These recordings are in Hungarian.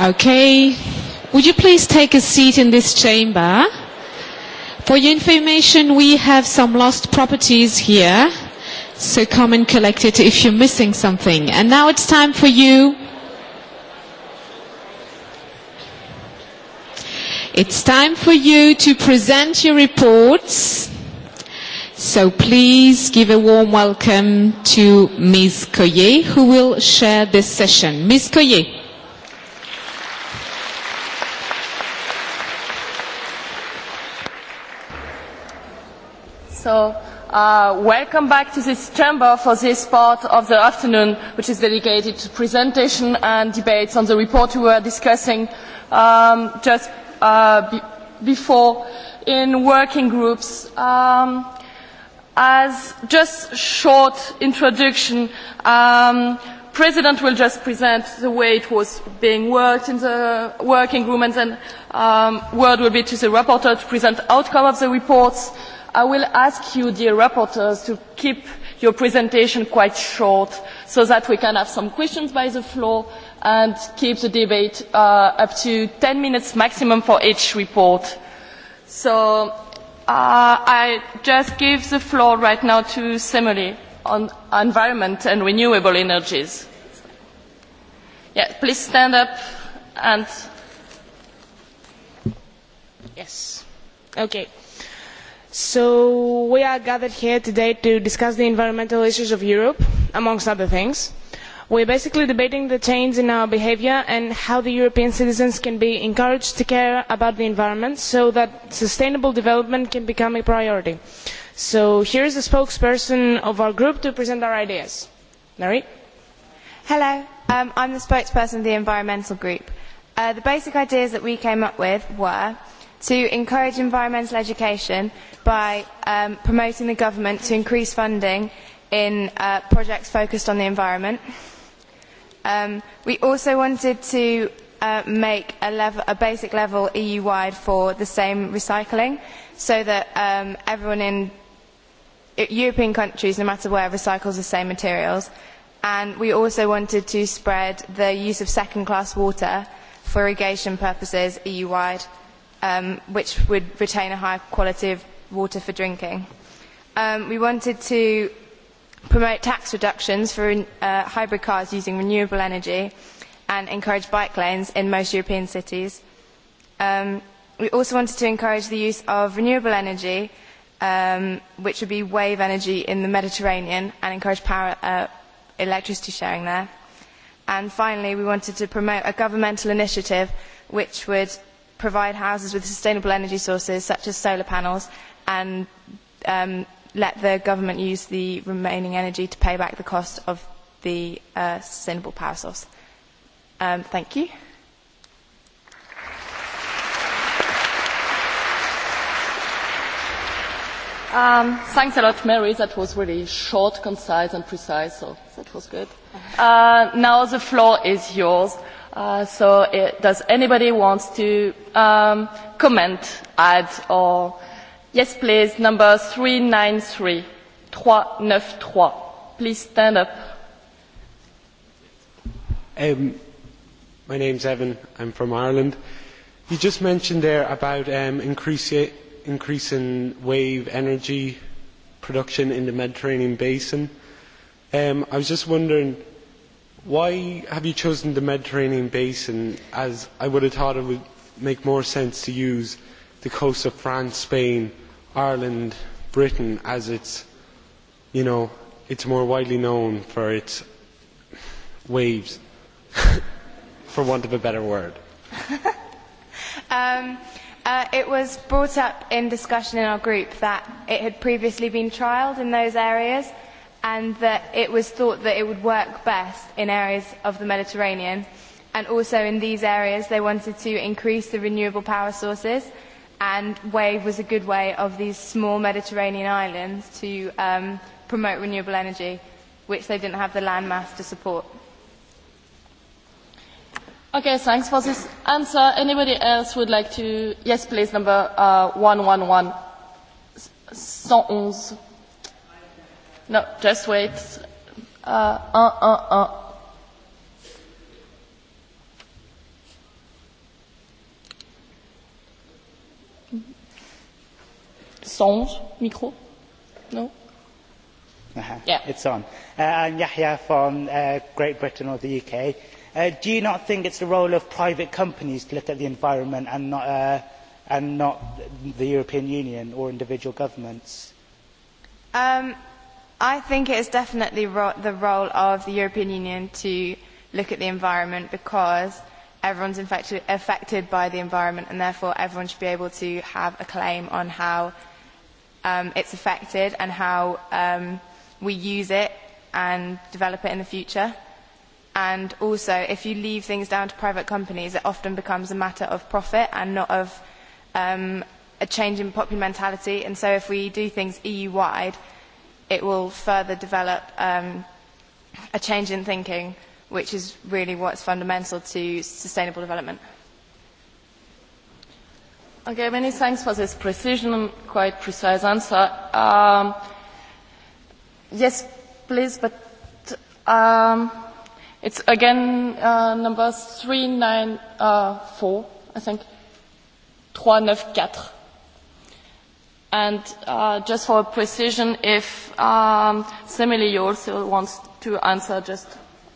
Okay. Would you please take a seat in this chamber? For your information, we have some lost properties here. So come and collect it if you're missing something. And now it's time for you. It's time for you to present your reports. So please give a warm welcome to Ms. Coyer, who will share this session. Ms. Coyer. So, uh, welcome back to this chamber for this part of the afternoon, which is dedicated to presentation and debates on the report we were discussing um, just uh, be before in working groups. Um, as just short introduction, um, President will just present the way it was being worked in the working room and then um, word will be to the rapporteur to present outcome of the reports i will ask you dear rapporteurs to keep your presentation quite short so that we can have some questions by the floor and keep the debate uh, up to 10 minutes maximum for each report. So uh, I just give the floor right now to Semele on environment and renewable energies. Yeah, please stand up and yes. Okay. So we are gathered here today to discuss the environmental issues of Europe, amongst other things. We are basically debating the change in our behaviour and how the European citizens can be encouraged to care about the environment so that sustainable development can become a priority. So here is the spokesperson of our group to present our ideas. Mary? Hello, i um, I'm the spokesperson of the Environmental Group. Uh, the basic ideas that we came up with were to encourage environmental education by um, promoting the government to increase funding in uh, projects focused on the environment. Um, we also wanted to uh, make a, level, a basic level EU-wide for the same recycling so that um, everyone in European countries, no matter where, recycles the same materials. And we also wanted to spread the use of second-class water for irrigation purposes EU-wide Um, which would retain a high quality of water for drinking. Um, we wanted to promote tax reductions for uh, hybrid cars using renewable energy and encourage bike lanes in most European cities. Um, we also wanted to encourage the use of renewable energy, um, which would be wave energy in the Mediterranean, and encourage power, uh, electricity sharing there. And finally, we wanted to promote a governmental initiative which would provide houses with sustainable energy sources such as solar panels and um, let the government use the remaining energy to pay back the cost of the uh, sustainable power source. Um, thank you. Um, thanks a lot, Mary. That was really short, concise, and precise, so that was good. Uh, now the floor is yours. Uh, so it, eh, does anybody wants to um, comment, add, or yes, please, number 393, 393. Please stand up. Um, my name's Evan. I'm from Ireland. You just mentioned there about um, increase, increasing wave energy production in the Mediterranean basin. Um, I was just wondering why have you chosen the mediterranean basin as i would have thought it would make more sense to use the coasts of france spain ireland britain as it is more widely known for its waves for want of a better word? um, uh, it was brought up in discussion in our group that it had previously been trialled in those areas and that it was thought that it would work best in areas of the Mediterranean. And also in these areas, they wanted to increase the renewable power sources, and wave was a good way of these small Mediterranean islands to um, promote renewable energy, which they didn't have the landmass to support. Okay, thanks for this answer. Anybody else would like to? Yes, please, number uh, 111. 111. No, just wait. Uh, uh, uh, uh. Songe, micro? No? Uh-huh. Yeah. It's on. Uh, I'm Yahya from uh, Great Britain or the UK. Uh, do you not think it's the role of private companies to look at the environment and not, uh, and not the European Union or individual governments? Um, I think it is definitely ro- the role of the European Union to look at the environment because everyone's infected, affected by the environment and therefore everyone should be able to have a claim on how um, it's affected and how um, we use it and develop it in the future. And also, if you leave things down to private companies, it often becomes a matter of profit and not of um, a change in popular mentality. And so if we do things EU-wide, it will further develop um, a change in thinking, which is really what's fundamental to sustainable development. Okay, many thanks for this precision and quite precise answer. Um, yes, please, but um, it's again uh, number 394, uh, I think. 394. And uh, just for precision, if um, Simile also wants to answer, just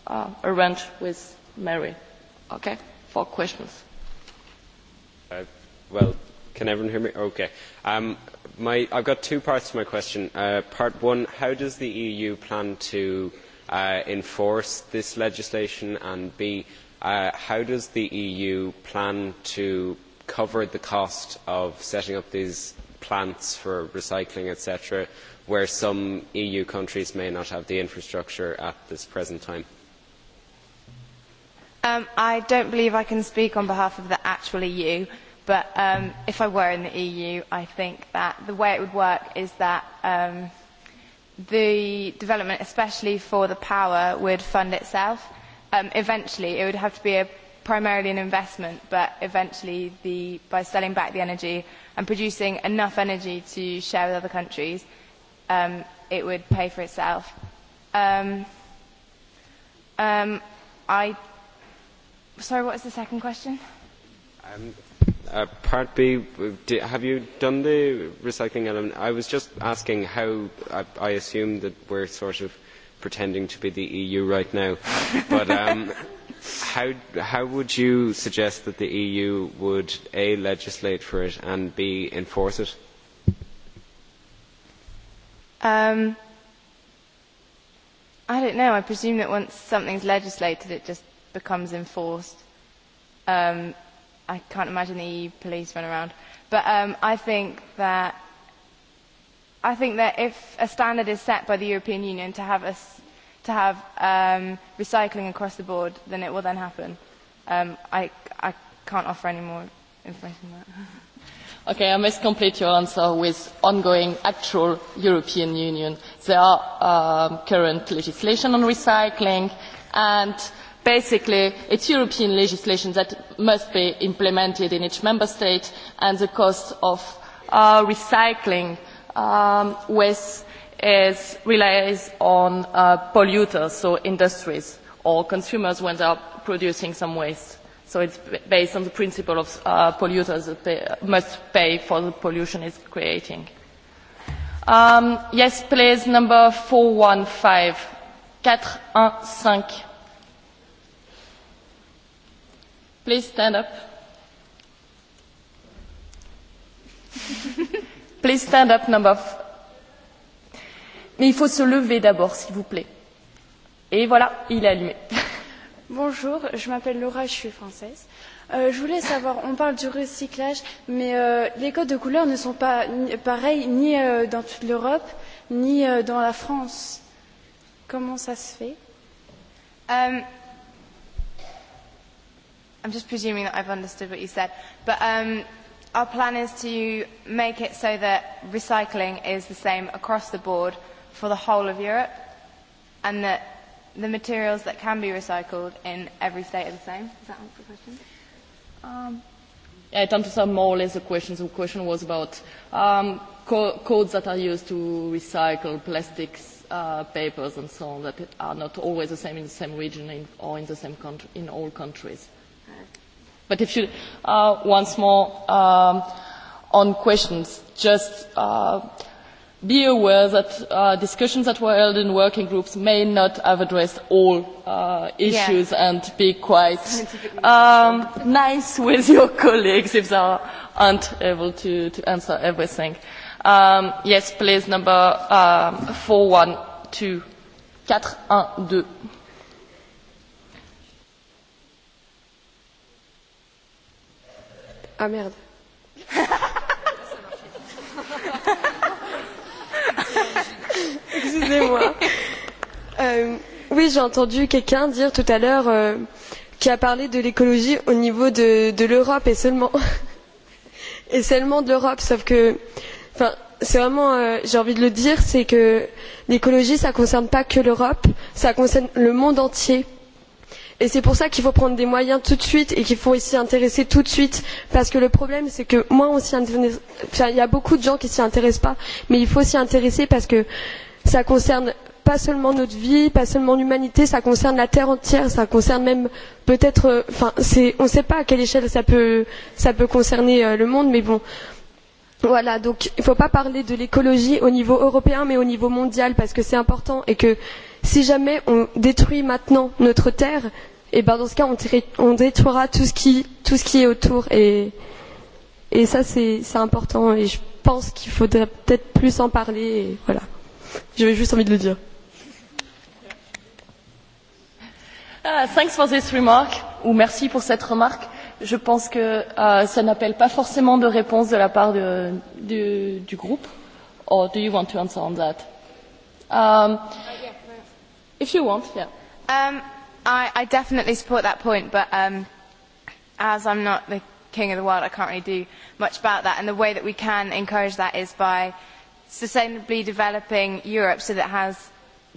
uh, arrange with Mary, okay, for questions. Uh, well, can everyone hear me? Okay. Um, my, I've got two parts to my question. Uh, part one, how does the EU plan to uh, enforce this legislation? And B, uh, how does the EU plan to cover the cost of setting up these plants for recycling, etc., where some EU countries may not have the infrastructure at this present time? Um, I don't believe I can speak on behalf of the actual EU, but um, if I were in the EU, I think that the way it would work is that um, the development, especially for the power, would fund itself. Um, eventually, it would have to be a primarily an investment, but eventually the, by selling back the energy and producing enough energy to share with other countries, um, it would pay for itself. Um, um, I, sorry, what was the second question? Um, uh, part B, do, have you done the recycling element? I was just asking how I, I assume that we're sort of pretending to be the EU right now, but. Um, how, how would you suggest that the EU would A, legislate for it and B, enforce it? Um, I don't know. I presume that once something's legislated, it just becomes enforced. Um, I can't imagine the EU police run around. But um, I think that I think that if a standard is set by the European Union to have a to have um, recycling across the board, then it will then happen. Um, I, I can't offer any more information on that. Okay, I must complete your answer with ongoing actual European Union. There are um, current legislation on recycling and basically it's European legislation that must be implemented in each member state and the cost of uh, recycling um, with relies on uh, polluters, so industries or consumers when they are producing some waste. So it's based on the principle of uh, polluters that pay, must pay for the pollution it's creating. Um, yes, please, number 415. 415. Please stand up. please stand up, number Mais il faut se lever d'abord, s'il vous plaît. Et voilà, il est allumé. Bonjour, je m'appelle Laura, je suis française. Euh, je voulais savoir, on parle du recyclage, mais euh, les codes de couleur ne sont pas ni, pareils ni euh, dans toute l'Europe, ni euh, dans la France. Comment ça se fait um, I'm just presuming that I've understood what you said, but um, our plan is to make it so that recycling is the same across the board for the whole of Europe and that the materials that can be recycled in every state are the same? Does that answer the question? Um, yeah, it answers more or less the question. The question was about um, co codes that are used to recycle plastics, uh, papers, and so on that are not always the same in the same region in, or in the same country in all countries. But if you uh, once more um, on questions, just. Uh, be aware that uh, discussions that were held in working groups may not have addressed all uh, issues yeah. and be quite um, nice with your colleagues if they aren't able to, to answer everything. Um, yes, please, number um, 412. 412. Ah merde. excusez-moi. Euh, oui, j'ai entendu quelqu'un dire tout à l'heure euh, qui a parlé de l'écologie au niveau de, de l'Europe et seulement. et seulement de l'Europe, sauf que. Enfin, c'est vraiment, euh, j'ai envie de le dire, c'est que l'écologie, ça ne concerne pas que l'Europe, ça concerne le monde entier. Et c'est pour ça qu'il faut prendre des moyens tout de suite et qu'il faut s'y intéresser tout de suite. Parce que le problème, c'est que moins on s'y intéresse. Enfin, il y a beaucoup de gens qui ne s'y intéressent pas, mais il faut s'y intéresser parce que ça concerne pas seulement notre vie, pas seulement l'humanité, cela concerne la Terre entière, cela concerne même peut-être, euh, enfin, on ne sait pas à quelle échelle cela peut, concerner euh, le monde, mais bon. Voilà, donc il ne faut pas parler de l'écologie au niveau européen, mais au niveau mondial, parce que c'est important et que si jamais on détruit maintenant notre Terre, et eh ben dans ce cas, on, on détruira tout ce qui, tout ce qui est autour et, et ça c'est important et je pense qu'il faudrait peut-être plus en parler et voilà. J'avais juste envie de le dire. Uh, thanks for this remark, ou merci pour cette remarque. Je pense que uh, ça n'appelle pas forcément de réponse de la part de, de, du groupe. Or do you want to answer on that? Um, if you want, yeah. Um, I, I definitely support that point, but um, as I'm not the king of the world, I can't really do much about that. And the way that we can encourage that is by sustainably developing Europe so that it has,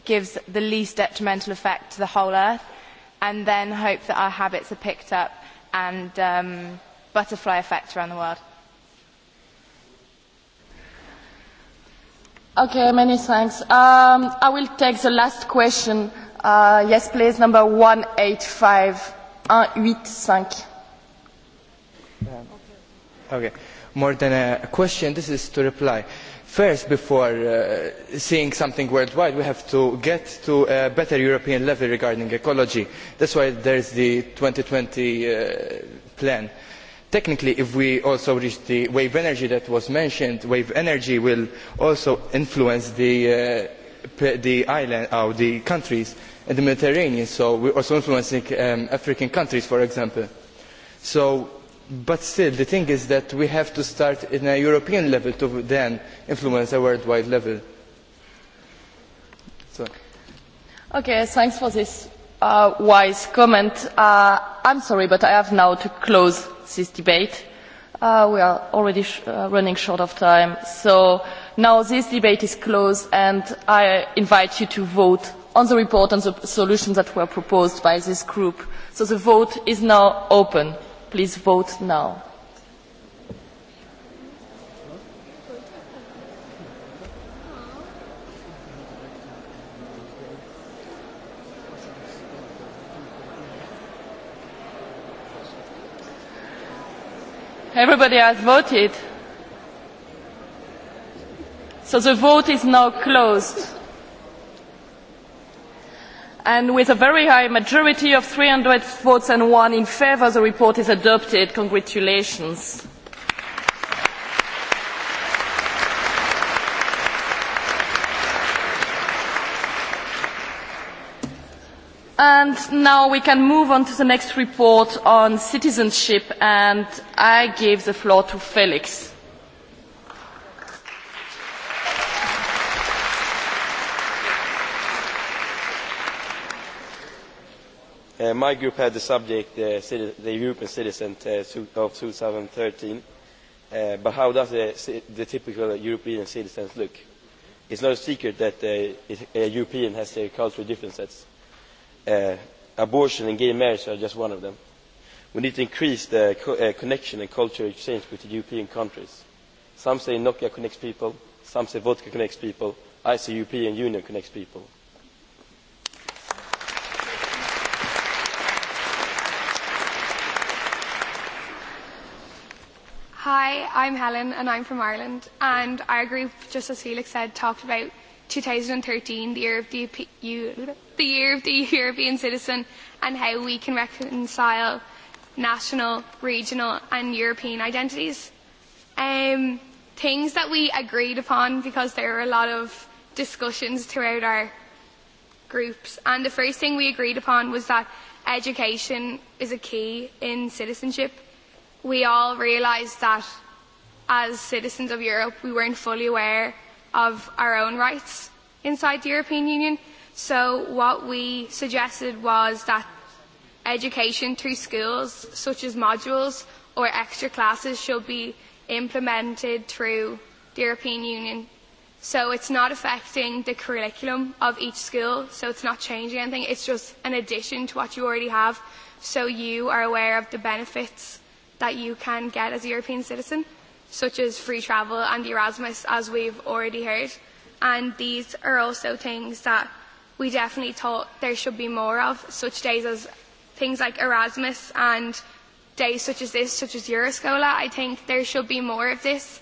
gives the least detrimental effect to the whole earth, and then hope that our habits are picked up and um, butterfly effect around the world. Okay, many thanks. Um, I will take the last question. Uh, yes, please, number 185. 185. Uh, okay. More than a question, this is to reply first before uh, seeing something worldwide we have to get to a better european level regarding ecology. that is why there is the two thousand and twenty uh, plan. technically if we also reach the wave energy that was mentioned wave energy will also influence the uh, countries in the mediterranean so we are also influencing um, african countries for example. so but still the thing is that we have to start at a european level to then influence a worldwide level. So. okay thanks for this uh, wise comment. Uh, i'm sorry but i have now to close this debate. Uh, we are already sh uh, running short of time so now this debate is closed and i invite you to vote on the report and the solutions that were proposed by this group. so the vote is now open. Please vote now. Everybody has voted. So the vote is now closed and with a very high majority of three hundred votes and one in favour the report is adopted. congratulations. and now we can move on to the next report on citizenship and i give the floor to felix. Uh, my group had the subject uh, the european citizen uh, of two thousand and thirteen but how does the typical european citizen look? it is no secret that a european has cultural differences. abortion and gay marriage are just one of them. we need to increase the connection and cultural exchange with the european countries. some say nokia connects people some say vodka connects people i say the european union connects people. Hi, I'm Helen and I'm from Ireland. And our group, just as Felix said, talked about 2013, the year of the, EU, the year of the European citizen, and how we can reconcile national, regional, and European identities. Um, things that we agreed upon because there were a lot of discussions throughout our groups. And the first thing we agreed upon was that education is a key in citizenship we all realised that as citizens of Europe we weren't fully aware of our own rights inside the European Union. So what we suggested was that education through schools, such as modules or extra classes, should be implemented through the European Union. So it's not affecting the curriculum of each school, so it's not changing anything, it's just an addition to what you already have, so you are aware of the benefits that you can get as a European citizen, such as free travel and the Erasmus, as we've already heard. And these are also things that we definitely thought there should be more of, such days as things like Erasmus and days such as this, such as Euroscola. I think there should be more of this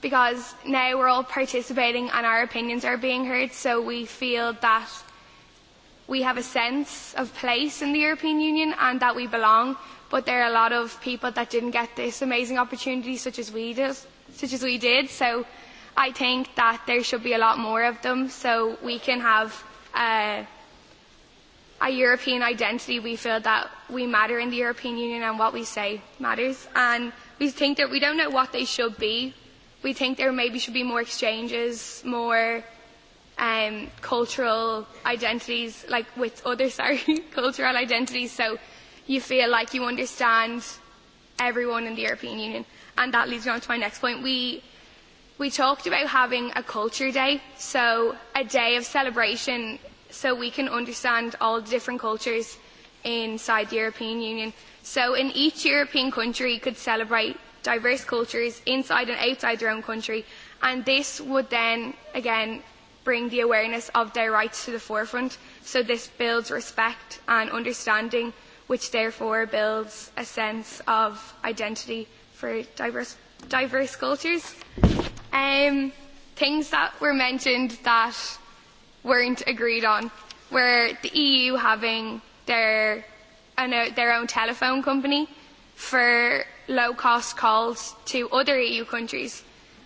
because now we're all participating and our opinions are being heard, so we feel that we have a sense of place in the European Union and that we belong but there are a lot of people that didn't get this amazing opportunity such as we did, such as we did. So I think that there should be a lot more of them so we can have a, uh, a European identity. We feel that we matter in the European Union and what we say matters. And we think that we don't know what they should be. We think there maybe should be more exchanges, more um, cultural identities, like with other, sorry, cultural identities. So you feel like you understand everyone in the European Union. And that leads me on to my next point. We, we talked about having a culture day, so a day of celebration so we can understand all the different cultures inside the European Union. So in each European country could celebrate diverse cultures inside and outside their own country. And this would then, again, bring the awareness of their rights to the forefront. So this builds respect and understanding which therefore builds a sense of identity for diverse, diverse cultures. Um, things that were mentioned that weren't agreed on were the EU having their, an, uh, their own telephone company for low cost calls to other EU countries.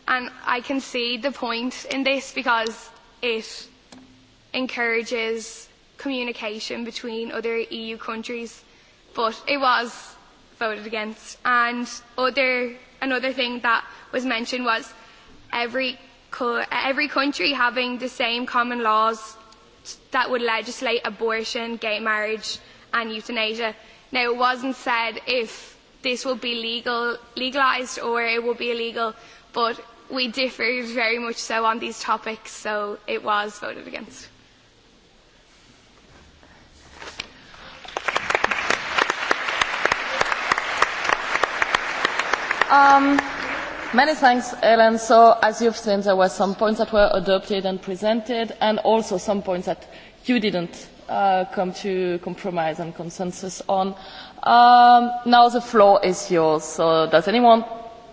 And I can see the point in this because it encourages communication between other EU countries but it was voted against. And other, another thing that was mentioned was every, co- every country having the same common laws that would legislate abortion, gay marriage, and euthanasia. Now, it wasn't said if this will be legal, legalised or it will be illegal, but we differed very much so on these topics, so it was voted against. Um, many thanks, Ellen. So, as you've seen, there were some points that were adopted and presented, and also some points that you didn't uh, come to compromise and consensus on. Um, now the floor is yours. So, does anyone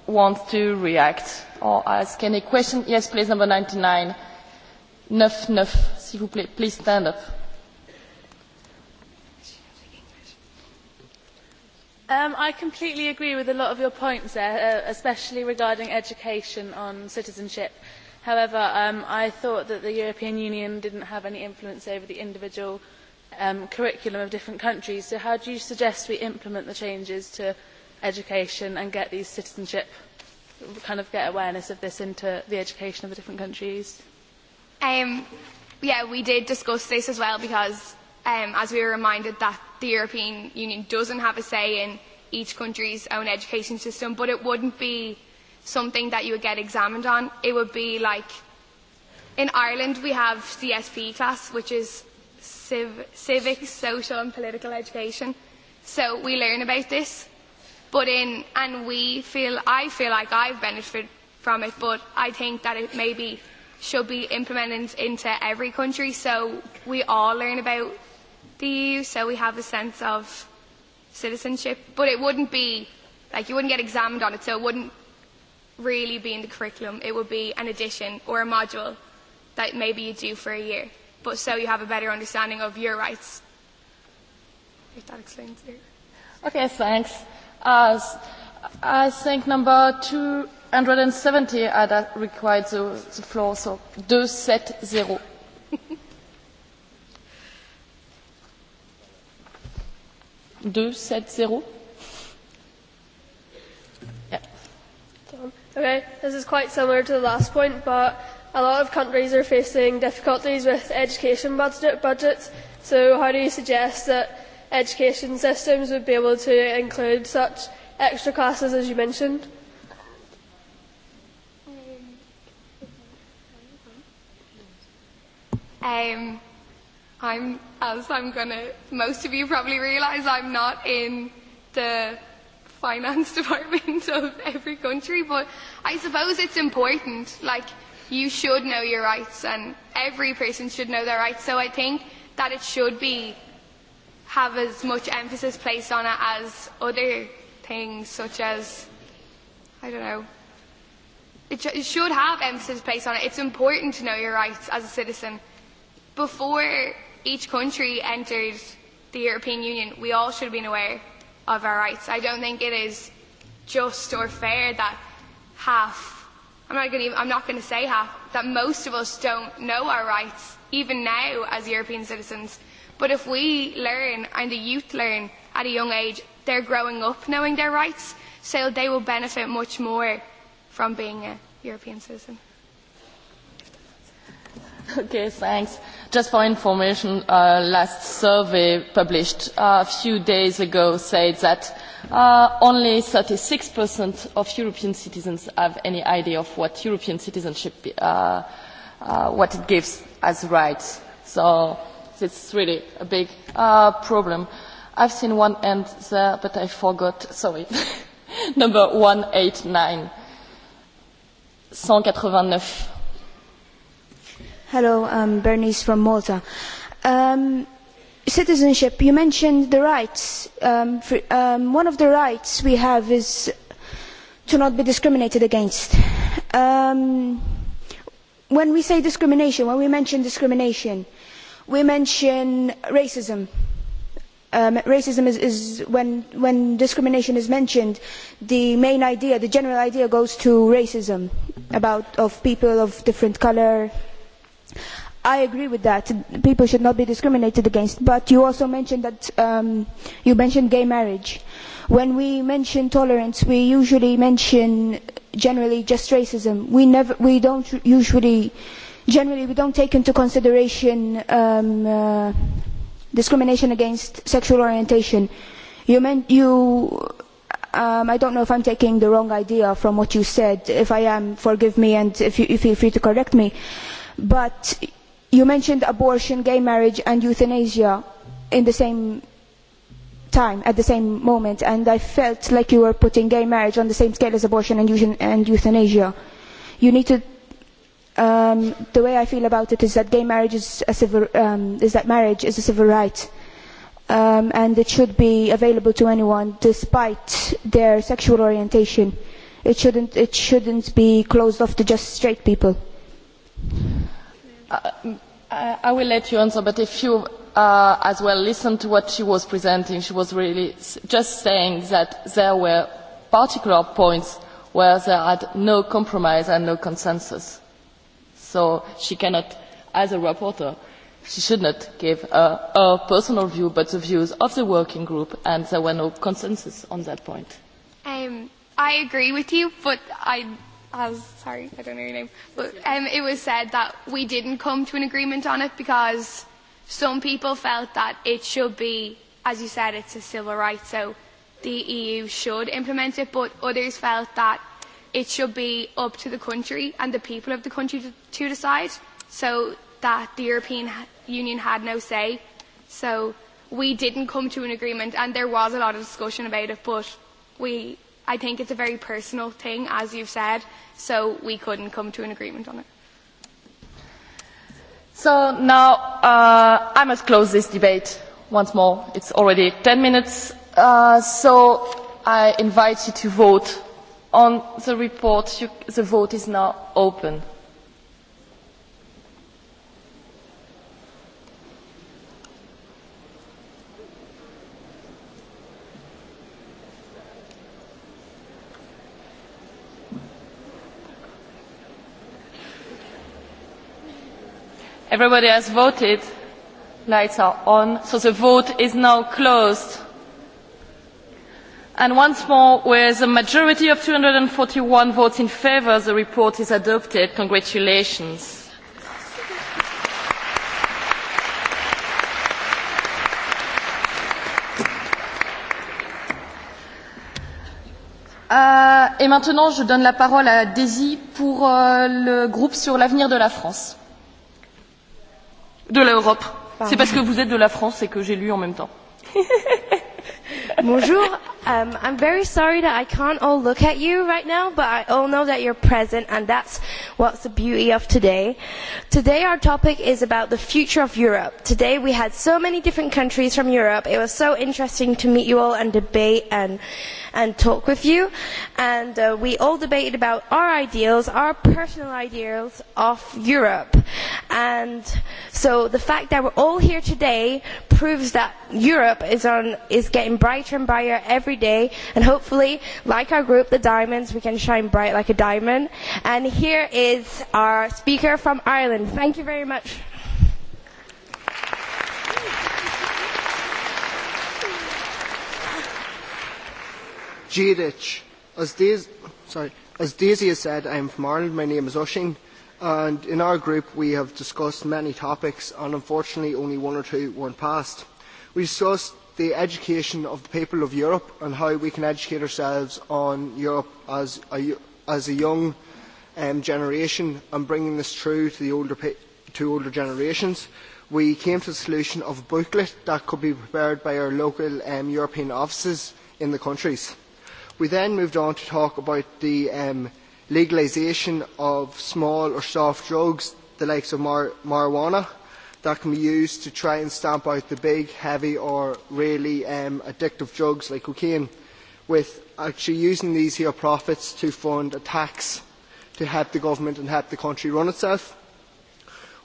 want to react or ask any question? Yes, please, number 99. 9, s'il vous plaît. Please stand up. Um, I completely agree with a lot of your points there, uh, especially regarding education on citizenship. However, um, I thought that the European Union didn't have any influence over the individual um, curriculum of different countries. So how do you suggest we implement the changes to education and get these citizenship, kind of get awareness of this into the education of the different countries? Um, yeah, we did discuss this as well because um, as we were reminded that the European Union doesn't have a say in each country's own education system, but it wouldn't be something that you would get examined on. It would be like in Ireland we have CSP class, which is civ- civic, social and political education. So we learn about this, but in and we feel I feel like I've benefited from it, but I think that it maybe should be implemented into every country so we all learn about the EU, so we have a sense of citizenship. But it wouldn't be, like, you wouldn't get examined on it, so it wouldn't really be in the curriculum. It would be an addition or a module that maybe you do for a year, but so you have a better understanding of your rights. If that explains it. Okay, thanks. Uh, I think number 270 uh, that required the, the floor, so 270. Okay, this is quite similar to the last point, but a lot of countries are facing difficulties with education budget, budgets. So, how do you suggest that education systems would be able to include such extra classes as you mentioned? Um, I'm, as I'm gonna, most of you probably realise, I'm not in the finance department of every country, but I suppose it's important. Like, you should know your rights, and every person should know their rights. So I think that it should be have as much emphasis placed on it as other things, such as I don't know. It, it should have emphasis placed on it. It's important to know your rights as a citizen before each country entered the European Union, we all should have been aware of our rights. I don't think it is just or fair that half, I'm not going to, I'm not going to say half, that most of us don't know our rights, even now as European citizens. But if we learn and the youth learn at a young age, they're growing up knowing their rights, so they will benefit much more from being a European citizen. Okay, thanks. Just for information, uh, last survey published uh, a few days ago said that uh, only 36% of European citizens have any idea of what European citizenship, uh, uh, what it gives as rights. So it's really a big uh, problem. I've seen one end there, but I forgot. Sorry. Number 189. 189. Hello, I'm Bernice from Malta. Um, citizenship, you mentioned the rights. Um, for, um, one of the rights we have is to not be discriminated against. Um, when we say discrimination, when we mention discrimination, we mention racism. Um, racism is, is when, when discrimination is mentioned, the main idea, the general idea goes to racism about of people of different colour, I agree with that. People should not be discriminated against. But you also mentioned that um, you mentioned gay marriage. When we mention tolerance, we usually mention generally just racism. We never, we don't usually, generally, we don't take into consideration um, uh, discrimination against sexual orientation. You meant you. Um, I don't know if I'm taking the wrong idea from what you said. If I am, forgive me, and if you, if you feel free to correct me. But you mentioned abortion, gay marriage, and euthanasia in the same time, at the same moment, and I felt like you were putting gay marriage on the same scale as abortion and, euthanasia. You need to. Um, the way I feel about it is that gay marriage is a civil, um, is that marriage is a civil right, um, and it should be available to anyone, despite their sexual orientation. It shouldn't. It shouldn't be closed off to just straight people. Uh, I will let you answer, but if you uh, as well listen to what she was presenting, she was really just saying that there were particular points where there had no compromise and no consensus. So she cannot, as a rapporteur, she should not give a her personal view, but the views of the working group, and there were no consensus on that point. Um, I agree with you, but I as sorry, I don't know your name, but um, it was said that we didn't come to an agreement on it because some people felt that it should be, as you said, it's a civil right, so the EU should implement it, but others felt that it should be up to the country and the people of the country to, to decide, so that the European Union had no say. So we didn't come to an agreement, and there was a lot of discussion about it, but we I think it's a very personal thing, as you've said, so we couldn't come to an agreement on it. So now uh, I must close this debate once more. It's already 10 minutes. Uh, so I invite you to vote on the report. You, the vote is now open. Everybody has voted. Lights are on. So the vote is now closed. And once more, with a majority of 241 votes in favour, the report is adopted. Congratulations. Uh, et maintenant, je donne la parole à Daisy pour uh, le groupe sur l'avenir de la France de l'Europe. C'est parce que vous êtes de la France et que j'ai lu en même temps. Bonjour. Um, I'm very sorry that I can't all look at you right now, but I all know that you're present, and that's what's the beauty of today. Today, our topic is about the future of Europe. Today, we had so many different countries from Europe. It was so interesting to meet you all and debate and and talk with you. And uh, we all debated about our ideals, our personal ideals of Europe. And so the fact that we're all here today proves that Europe is, on, is getting brighter and brighter every day. And hopefully, like our group, the Diamonds, we can shine bright like a diamond. And here is our speaker from Ireland. Thank you very much. Jadich. As, Daz- sorry, as Daisy has said, I am from Ireland. My name is Ushing. And in our group, we have discussed many topics, and unfortunately, only one or two weren't passed. We discussed the education of the people of Europe and how we can educate ourselves on Europe as a, as a young um, generation and bringing this through to the older, to older generations we came to the solution of a booklet that could be prepared by our local um, European offices in the countries. We then moved on to talk about the um, legalisation of small or soft drugs, the likes of mar marijuana, that can be used to try and stamp out the big, heavy or really um, addictive drugs like cocaine, with actually using these here profits to fund a tax to help the government and help the country run itself.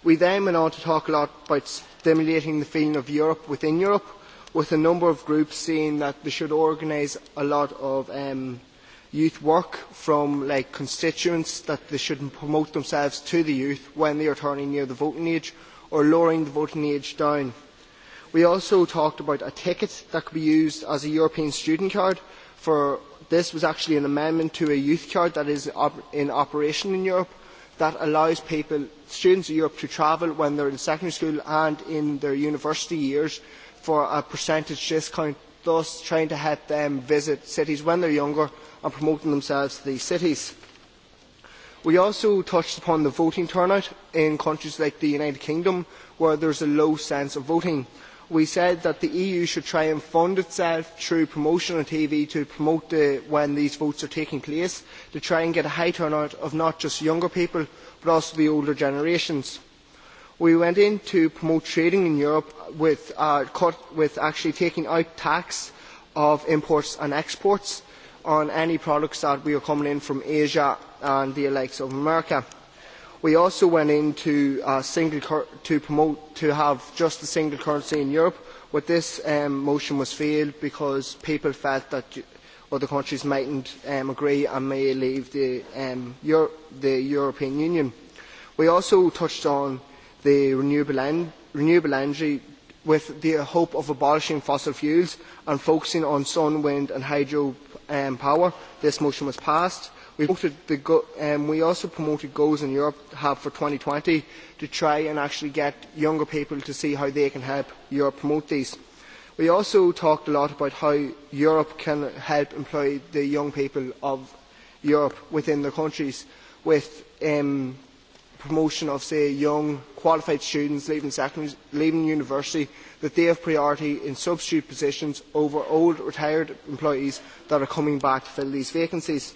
We then went on to talk a lot about stimulating the feeling of Europe within Europe, with a number of groups saying that they should organise a lot of um, youth work from like constituents that they should promote themselves to the youth when they are turning near the voting age or lowering the voting age down. We also talked about a ticket that could be used as a European student card for this was actually an amendment to a youth card that is op in operation in Europe that allows people, students of Europe to travel when they are in secondary school and in their university years for a percentage discount, thus trying to help them visit cities when they are younger and promoting themselves to these cities. We also touched upon the voting turnout in countries like the United Kingdom, where there is a low sense of voting. We said that the EU should try and fund itself through promotion on TV to promote the, when these votes are taking place, to try and get a high turnout of not just younger people, but also the older generations we went in to promote trading in europe with, uh, with actually taking out tax of imports and exports on any products that were coming in from asia and the likes of america. we also went in to, uh, to promote to have just a single currency in europe but this um, motion was failed because people felt that other countries might not um, agree and may leave the, um, Euro the european union. we also touched on the renewable, en renewable energy with the hope of abolishing fossil fuels and focusing on sun, wind and hydro um, power. This motion was passed. We, promoted the um, we also promoted goals in Europe have for 2020 to try and actually get younger people to see how they can help Europe promote these. We also talked a lot about how Europe can help employ the young people of Europe within their countries with um, promotion of, say, young, qualified students leaving, secondary, leaving university, that they have priority in substitute positions over old, retired employees that are coming back to fill these vacancies.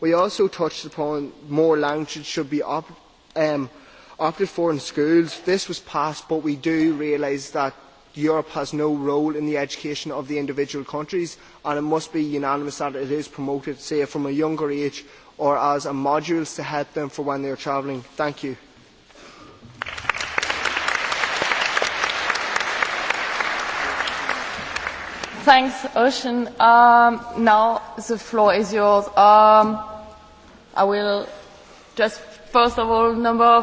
We also touched upon more languages should be op um, opted for in schools. This was passed, but we do realise that Europe has no role in the education of the individual countries, and it must be unanimous that it is promoted, say, from a younger age or as a module to help them for when they are travelling. Thank you. Thanks, Ocean. Um, now the floor is yours. Um, I will just first of all number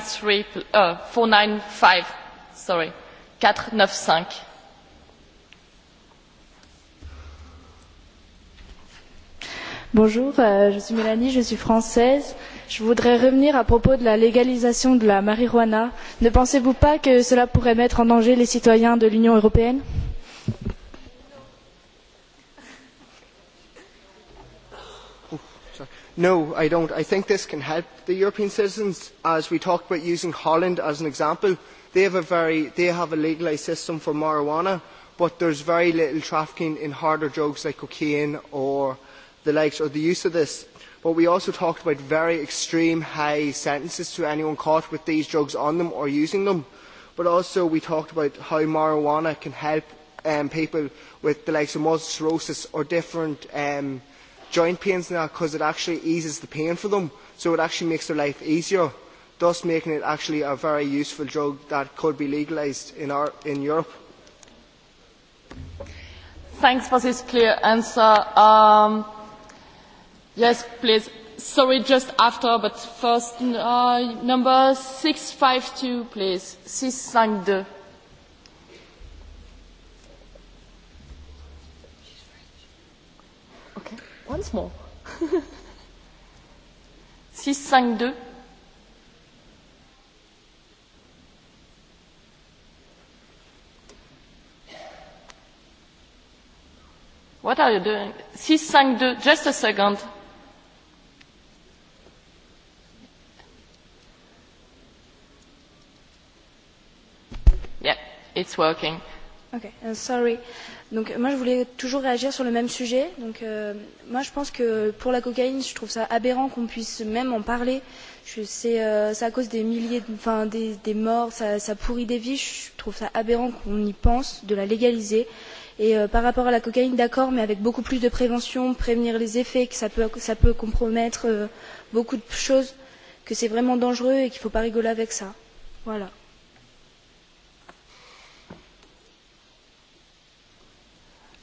three uh, five. sorry, 495. Bonjour, euh, je suis Mélanie, je suis française. Je voudrais revenir à propos de la légalisation de la marijuana. Ne pensez-vous pas que cela pourrait mettre en danger les citoyens de l'Union européenne No, I don't. I think this can help the European citizens. As we talked about using Holland as an example, they have a very they have a legalised system for marijuana, but there's very little trafficking in harder drugs like cocaine or the likes or the use of this. But we also talked about very extreme high sentences to anyone caught with these drugs on them or using them. But also we talked about how marijuana can help um, people with the likes of multiple sclerosis or different um, joint pains now because it actually eases the pain for them. So it actually makes their life easier, thus making it actually a very useful drug that could be legalised in, our, in Europe. Thanks for this clear answer. Um Yes, please. Sorry, just after, but first uh, number 652, please. 652. Okay, once more. 652. What are you doing? 652, just a second. Yeah, it's working. Okay, uh, sorry. Donc moi je voulais toujours réagir sur le même sujet. Donc euh, moi je pense que pour la cocaïne, je trouve ça aberrant qu'on puisse même en parler. Euh, c'est euh, à cause des milliers, de, enfin des, des morts, ça, ça pourrit des vies. Je trouve ça aberrant qu'on y pense, de la légaliser. Et euh, par rapport à la cocaïne, d'accord, mais avec beaucoup plus de prévention, prévenir les effets, que ça peut, ça peut compromettre euh, beaucoup de choses, que c'est vraiment dangereux et qu'il ne faut pas rigoler avec ça. Voilà.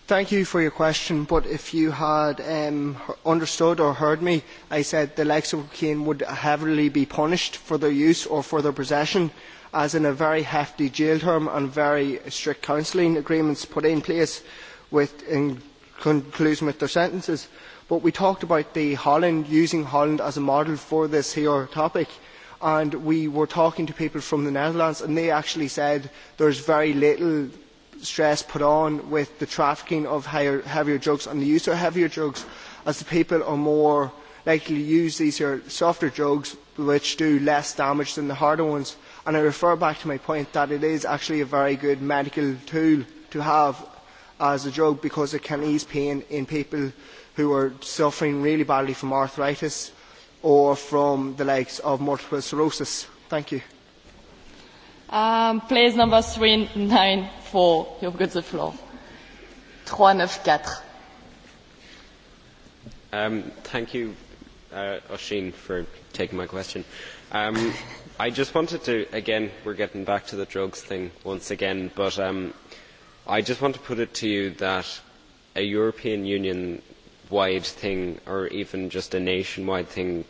Thank you for your question, but if you had um, understood or heard me, I said the likes of cocaine would heavily be punished for their use or for their possession, as in a very hefty jail term and very strict counselling agreements put in place with, in conclusion with their sentences. But we talked about the Holland, using Holland as a model for this here topic, and we were talking to people from the Netherlands, and they actually said there's very little stress put on with the trafficking of higher, heavier drugs and the use of heavier drugs as the people are more likely to use these softer drugs which do less damage than the harder ones. And I refer back to my point that it is actually a very good medical tool to have as a drug because it can ease pain in people who are suffering really badly from arthritis or from the likes of multiple sclerosis. Thank you. Um, number 390 four. You've 394. Um, thank you, uh, Oshin, for taking my question. Um, I just wanted to, again, we're getting back to the drugs thing once again, but um, I just want to put it to you that a European Union wide thing, or even just a nationwide thing,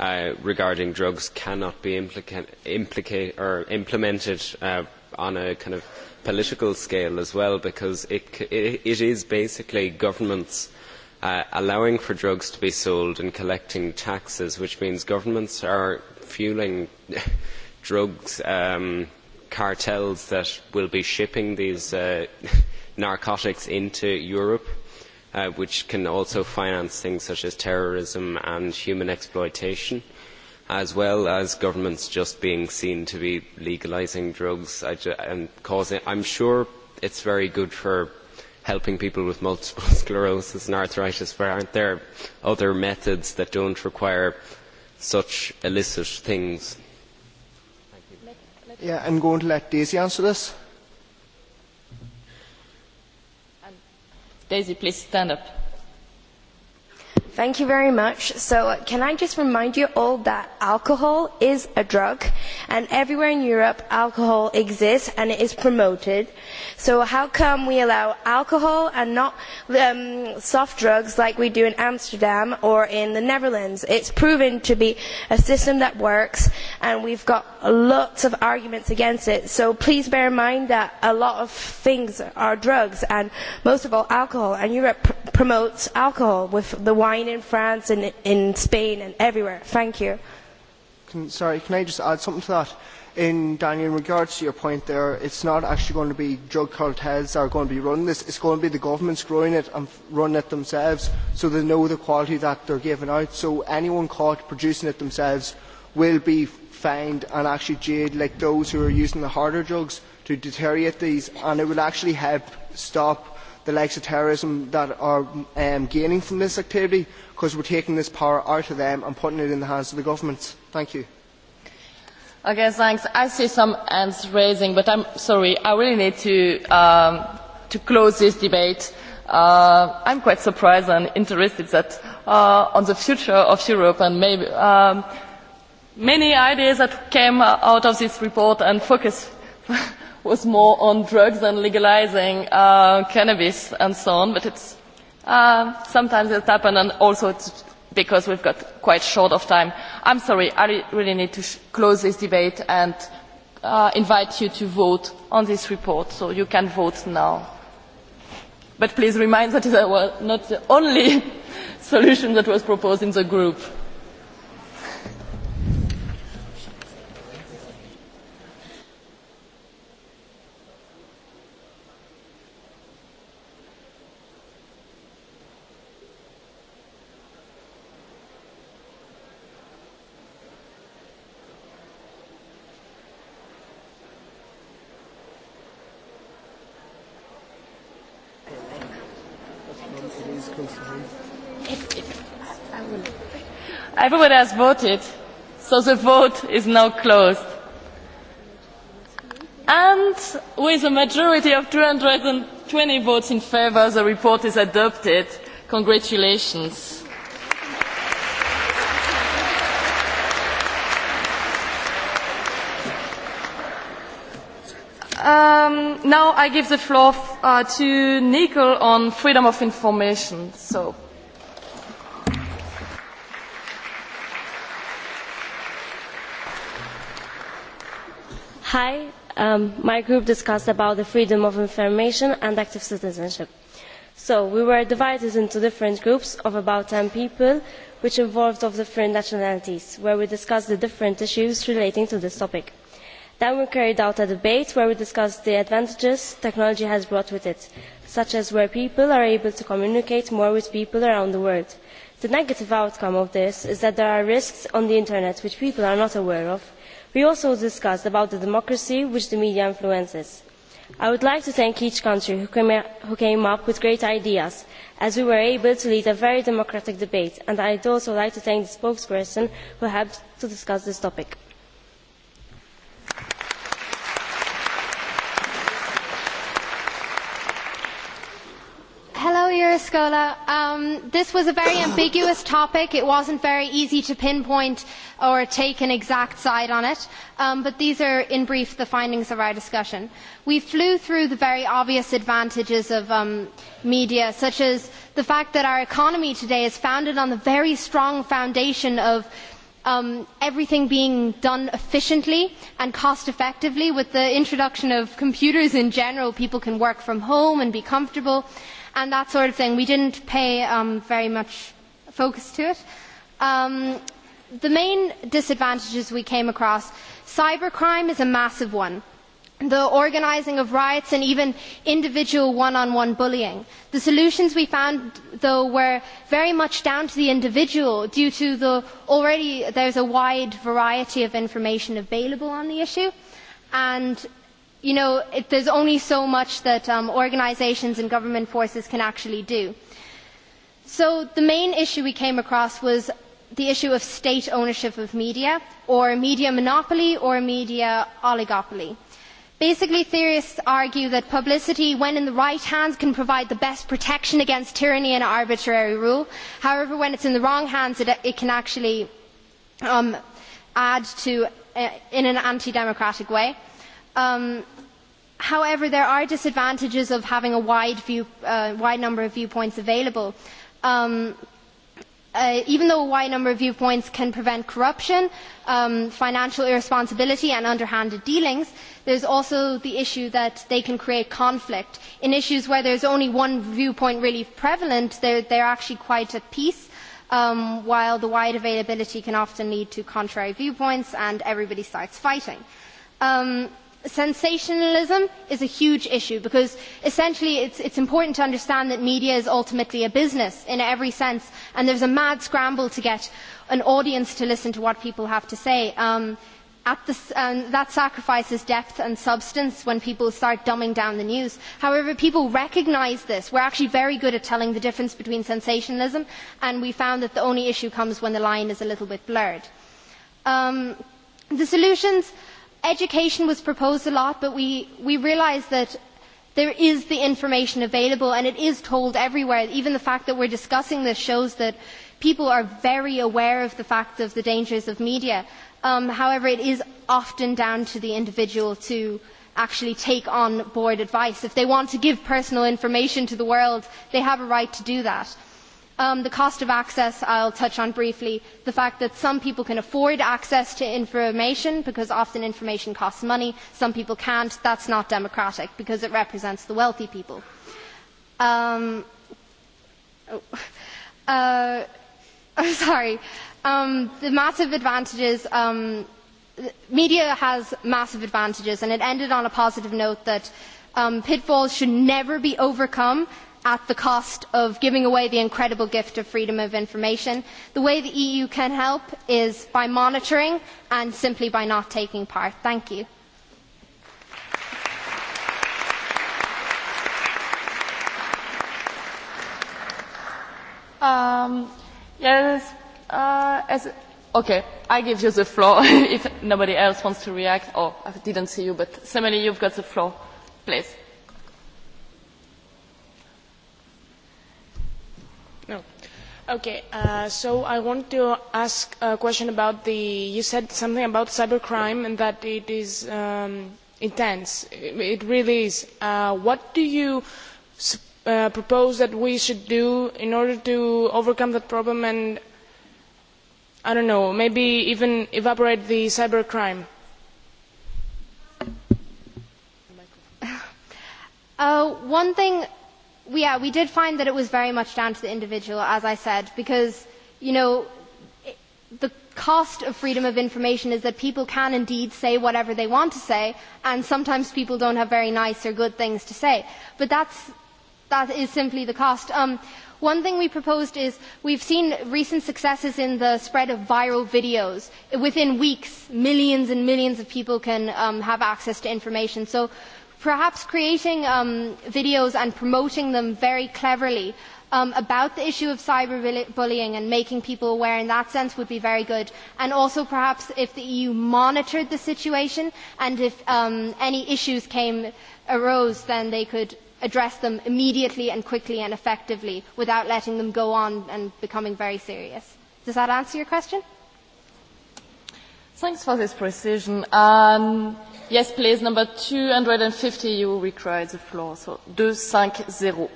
uh, regarding drugs cannot be implica- implica- or implemented uh, on a kind of political scale as well because it, it is basically governments uh, allowing for drugs to be sold and collecting taxes, which means governments are fueling drugs um, cartels that will be shipping these uh, narcotics into Europe. Uh, which can also finance things such as terrorism and human exploitation as well as governments just being seen to be legalising drugs and causing. I'm sure it's very good for helping people with multiple sclerosis and arthritis, but aren't there other methods that don't require such illicit things? Yeah, I'm going to let Daisy answer this. Daisy, please stand up. Thank you very much. So, uh, can I just remind you all that alcohol is a drug, and everywhere in Europe, alcohol exists and it is promoted So how come we allow alcohol and not um, soft drugs like we do in Amsterdam or in the Netherlands? It's proven to be a system that works and we've got lots of arguments against it. So please bear in mind that a lot of things are drugs and most of all alcohol and Europe pr promotes alcohol with the wine in France and in Spain and everywhere. Thank you. Can, sorry, can I just add something to that? in Danny, in regards to your point there, it's not actually going to be drug cartels that are going to be running this. It's going to be the governments growing it and running it themselves so they know the quality that they're giving out. So anyone caught producing it themselves will be fined and actually jailed like those who are using the harder drugs to deteriorate these. And it will actually help stop the likes of terrorism that are um, gaining from this activity because we're taking this power out of them and putting it in the hands of the governments. Thank you. Okay, thanks. I see some hands raising, but I'm sorry. I really need to um, to close this debate. Uh, I'm quite surprised and interested that uh, on the future of Europe and maybe um, many ideas that came out of this report and focus was more on drugs and legalizing uh, cannabis and so on. But it's uh, sometimes it happens, and also. It's, because we've got quite short of time. I'm sorry, I really need to close this debate and uh, invite you to vote on this report, so you can vote now. But please remind that it was not the only solution that was proposed in the group. Everyone has voted, so the vote is now closed. And with a majority of 220 votes in favour, the report is adopted. Congratulations. now I give the floor uh, to Nicole on freedom of information. Hi, um, my group discussed about the freedom of information and active citizenship. So we were divided into different groups of about 10 people, which involved of different nationalities, where we discussed the different issues relating to this topic then we carried out a debate where we discussed the advantages technology has brought with it such as where people are able to communicate more with people around the world. the negative outcome of this is that there are risks on the internet which people are not aware of. we also discussed the democracy which the media influences. i would like to thank each country who came up with great ideas as we were able to lead a very democratic debate and i would also like to thank the spokesperson who helped to discuss this topic. Hello, Euroscola. Um, this was a very ambiguous topic. It wasn't very easy to pinpoint or take an exact side on it, um, but these are, in brief, the findings of our discussion. We flew through the very obvious advantages of um, media, such as the fact that our economy today is founded on the very strong foundation of um, everything being done efficiently and cost effectively. With the introduction of computers in general, people can work from home and be comfortable and that sort of thing. We didn't pay um, very much focus to it. Um, the main disadvantages we came across cybercrime is a massive one the organising of riots and even individual one-on-one bullying. The solutions we found, though, were very much down to the individual due to the already there's a wide variety of information available on the issue. And, you know, it, there's only so much that um, organisations and government forces can actually do. So the main issue we came across was the issue of state ownership of media, or media monopoly, or media oligopoly basically theorists argue that publicity when in the right hands can provide the best protection against tyranny and arbitrary rule however when it is in the wrong hands it can actually um, add to uh, in an anti democratic way. Um, however, there are disadvantages of having a wide, view, uh, wide number of viewpoints available. Um, Uh, even though a wide number of viewpoints can prevent corruption, um, financial irresponsibility and underhanded dealings, there's also the issue that they can create conflict. In issues where there's only one viewpoint really prevalent, they're, they're actually quite at peace, um, while the wide availability can often lead to contrary viewpoints and everybody starts fighting. Um, sensationalism is a huge issue because essentially it is important to understand that media is ultimately a business in every sense and there is a mad scramble to get an audience to listen to what people have to say. Um, this, um, that sacrifices depth and substance when people start dumbing down the news. However, people recognise this. We're actually very good at telling the difference between sensationalism, and we found that the only issue comes when the line is a little bit blurred. Um, the solutions education was proposed a lot but we, we realise that there is the information available and it is told everywhere. even the fact that we are discussing this shows that people are very aware of the fact of the dangers of media. Um, however it is often down to the individual to actually take on board advice. if they want to give personal information to the world they have a right to do that. Um, the cost of access I will touch on briefly. The fact that some people can afford access to information because often information costs money, some people can't, that's not democratic because it represents the wealthy people. Um, oh, uh, oh, sorry. Um, the massive advantages um, media has massive advantages and it ended on a positive note that um, pitfalls should never be overcome at the cost of giving away the incredible gift of freedom of information. The way the EU can help is by monitoring and simply by not taking part. Thank you. Um, yes, uh, as, okay, I give you the floor if nobody else wants to react. Oh, I didn't see you, but Semele, you've got the floor, please. Uh, I want to ask a question about the. You said something about cybercrime and that it is um, intense. It, really is. Uh, what do you uh, propose that we should do in order to overcome that problem and, I don't know, maybe even evaporate the cybercrime? Uh, one thing yeah, we did find that it was very much down to the individual, as I said, because, you know, the cost of freedom of information is that people can indeed say whatever they want to say, and sometimes people don't have very nice or good things to say. But that's, that is simply the cost. Um, one thing we proposed is we've seen recent successes in the spread of viral videos. Within weeks, millions and millions of people can um, have access to information. So perhaps creating um, videos and promoting them very cleverly um, about the issue of cyberbullying and making people aware in that sense would be very good. And also perhaps if the EU monitored the situation and if um, any issues came, arose, then they could address them immediately and quickly and effectively without letting them go on and becoming very serious. Does that answer your question? Thanks for this precision. Um, Yes, please, number 250, you require the floor. So, 250.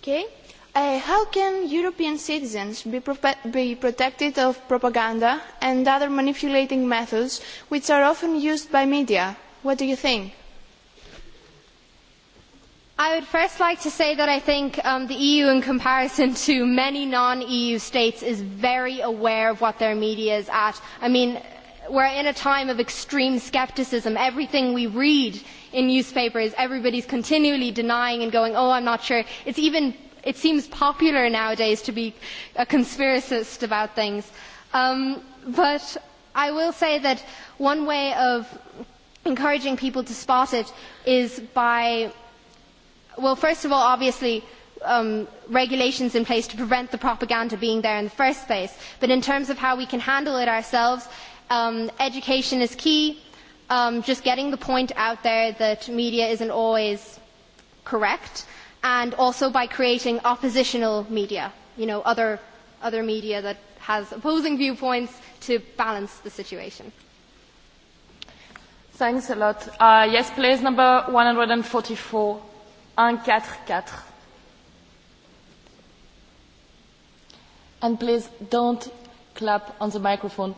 Okay. Uh, how can European citizens be, be protected of propaganda and other manipulating methods which are often used by media? What do you think? I would first like to say that I think um, the EU, in comparison to many non-EU states, is very aware of what their media is at. I mean, we're in a time of extreme scepticism. Everything we read in newspapers, everybody's continually denying and going, oh, I'm not sure. It's even, it seems popular nowadays to be a conspiracist about things. Um, but I will say that one way of encouraging people to spot it is by well first of all obviously um, regulations in place to prevent the propaganda being there in the first place but in terms of how we can handle it ourselves um, education is key um, just getting the point out there that media isn't always correct and also by creating oppositional media you know other other media that has opposing viewpoints to balance the situation Thanks a lot. Uh, yes, please, number 144. 1 4 4. And please don't clap on the microphone.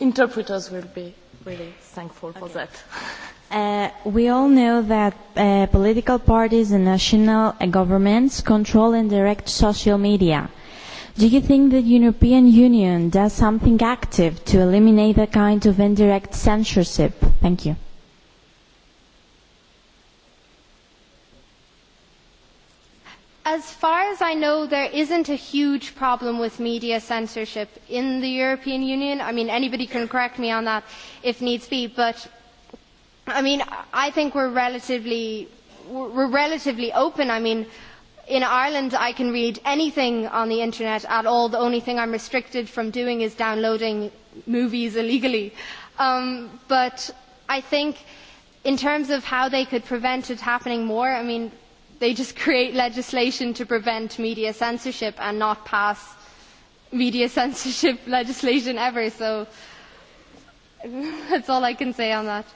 Interpreters will be really thankful okay. for that. Uh, we all know that uh, political parties and national uh, governments control and direct social media. Do you think the European Union does something active to eliminate that kind of indirect censorship? Thank you. As far as I know, there isn't a huge problem with media censorship in the European Union. I mean, anybody can correct me on that if needs be, but I mean, I think we're relatively, we're relatively open. I mean, in Ireland, I can read anything on the internet at all. The only thing I'm restricted from doing is downloading movies illegally. Um, but I think in terms of how they could prevent it happening more, I mean, They just create legislation to prevent media censorship and not pass media censorship legislation ever. So that's all I can say on that.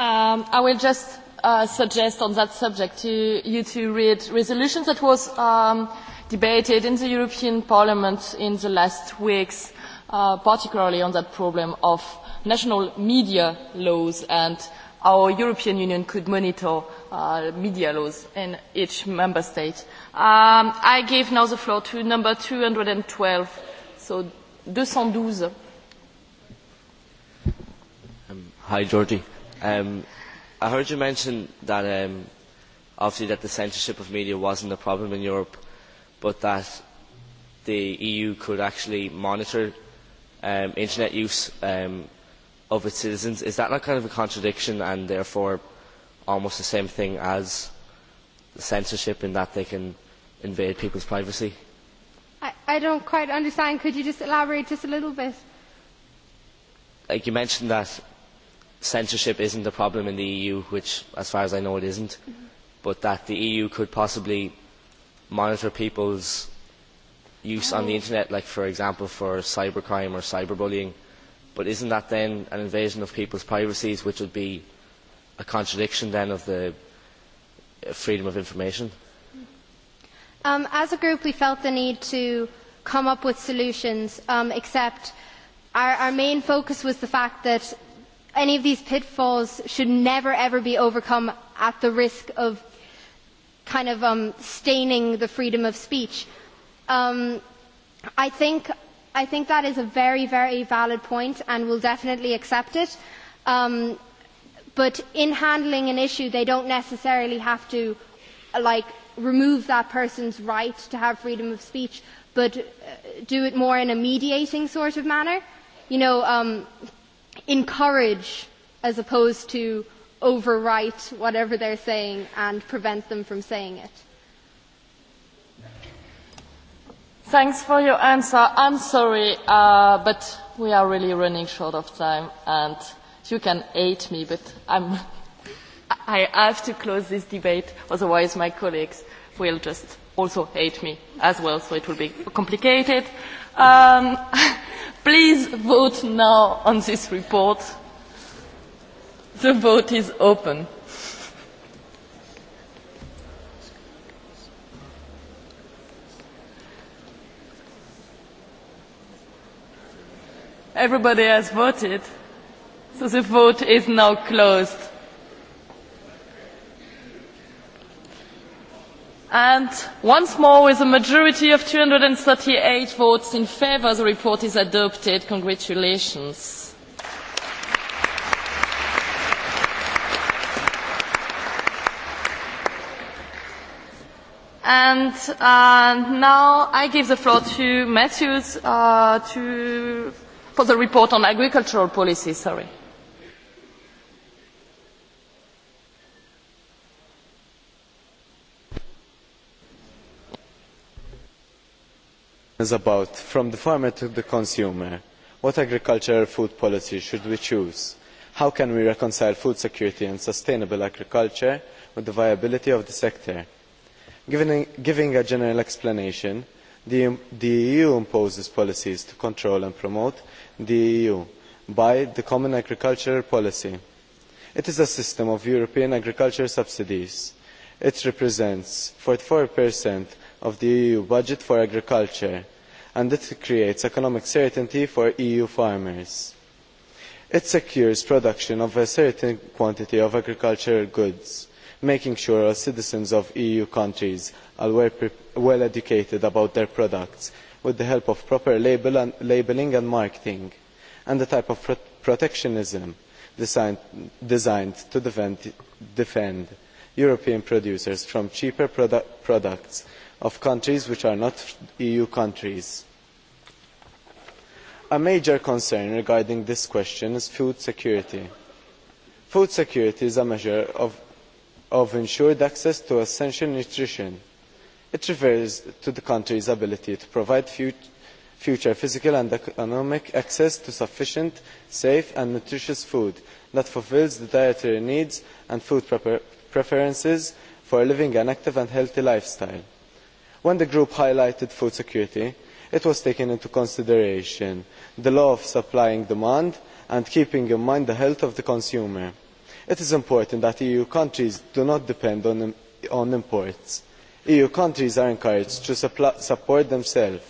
Um, I will just uh, suggest on that subject to you to read resolutions that was um, debated in the European Parliament in the last weeks, uh, particularly on that problem of national media laws and our European Union could monitor uh, media laws in each member state. Um, I give now the floor to number 212, so 212. Um, hi, Georgie. Um, I heard you mention that um, obviously that the censorship of media wasn't a problem in Europe, but that the EU could actually monitor um, internet use um, of its citizens. Is that not kind of a contradiction and therefore almost the same thing as censorship in that they can invade people's privacy? I, I don't quite understand. Could you just elaborate just a little bit? Like you mentioned that censorship isn't a problem in the EU, which as far as I know it isn't, mm -hmm. but that the EU could possibly monitor people's use oh. on the oh. internet, like for example for cybercrime or cyberbullying but is that then an invasion of people's privacies which would be a contradiction then of the uh, freedom of information? Um, as a group we felt the need to come up with solutions um, except our, our main focus was the fact that any of these pitfalls should never ever be overcome at the risk of kind of um, staining the freedom of speech. Um, I think I think that is a very, very valid point and will definitely accept it. Um, but in handling an issue, they don't necessarily have to, like, remove that person's right to have freedom of speech, but uh, do it more in a mediating sort of manner. You know, um, encourage as opposed to overwrite whatever they're saying and prevent them from saying it. Thanks for your answer. I'm sorry, uh, but we are really running short of time, and you can hate me, but I'm. I have to close this debate, otherwise my colleagues will just also hate me as well, so it will be complicated. Um, please vote now on this report. The vote is open. Everybody has voted. So the vote is now closed. And once more, with a majority of 238 votes in favour, the report is adopted. Congratulations. And uh, now I give the floor to Matthews uh, to for the report on agricultural policy sorry. is about from the farmer to the consumer what agricultural food policy should we choose? how can we reconcile food security and sustainable agriculture with the viability of the sector? Given, giving a general explanation the, the eu imposes policies to control and promote the eu by the common agricultural policy. it is a system of european agricultural subsidies. it represents forty four of the eu budget for agriculture and it creates economic certainty for eu farmers. it secures production of a certain quantity of agricultural goods making sure all citizens of eu countries are well educated about their products with the help of proper labelling and marketing and a type of protectionism designed to defend european producers from cheaper products of countries which are not eu countries. a major concern regarding this question is food security. food security is a measure of ensured access to essential nutrition it refers to the country's ability to provide future physical and economic access to sufficient safe and nutritious food that fulfils the dietary needs and food preferences for living an active and healthy lifestyle. when the group highlighted food security it was taking into consideration the law of supply and demand and keeping in mind the health of the consumer. it is important that eu countries do not depend on imports eu countries are encouraged to support themselves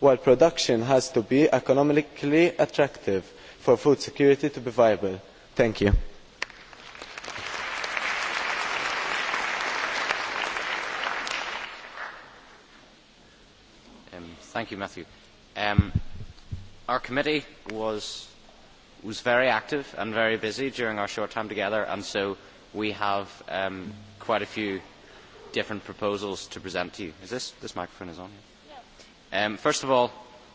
while production has to be economically attractive for food security to be viable. thank you. Um, thank you, Matthew. Um, our committee was was very active and very busy during our short time together, and so we have um, quite a few different proposals to present to you. Is this, this microphone is on? Yeah. Um, first of all,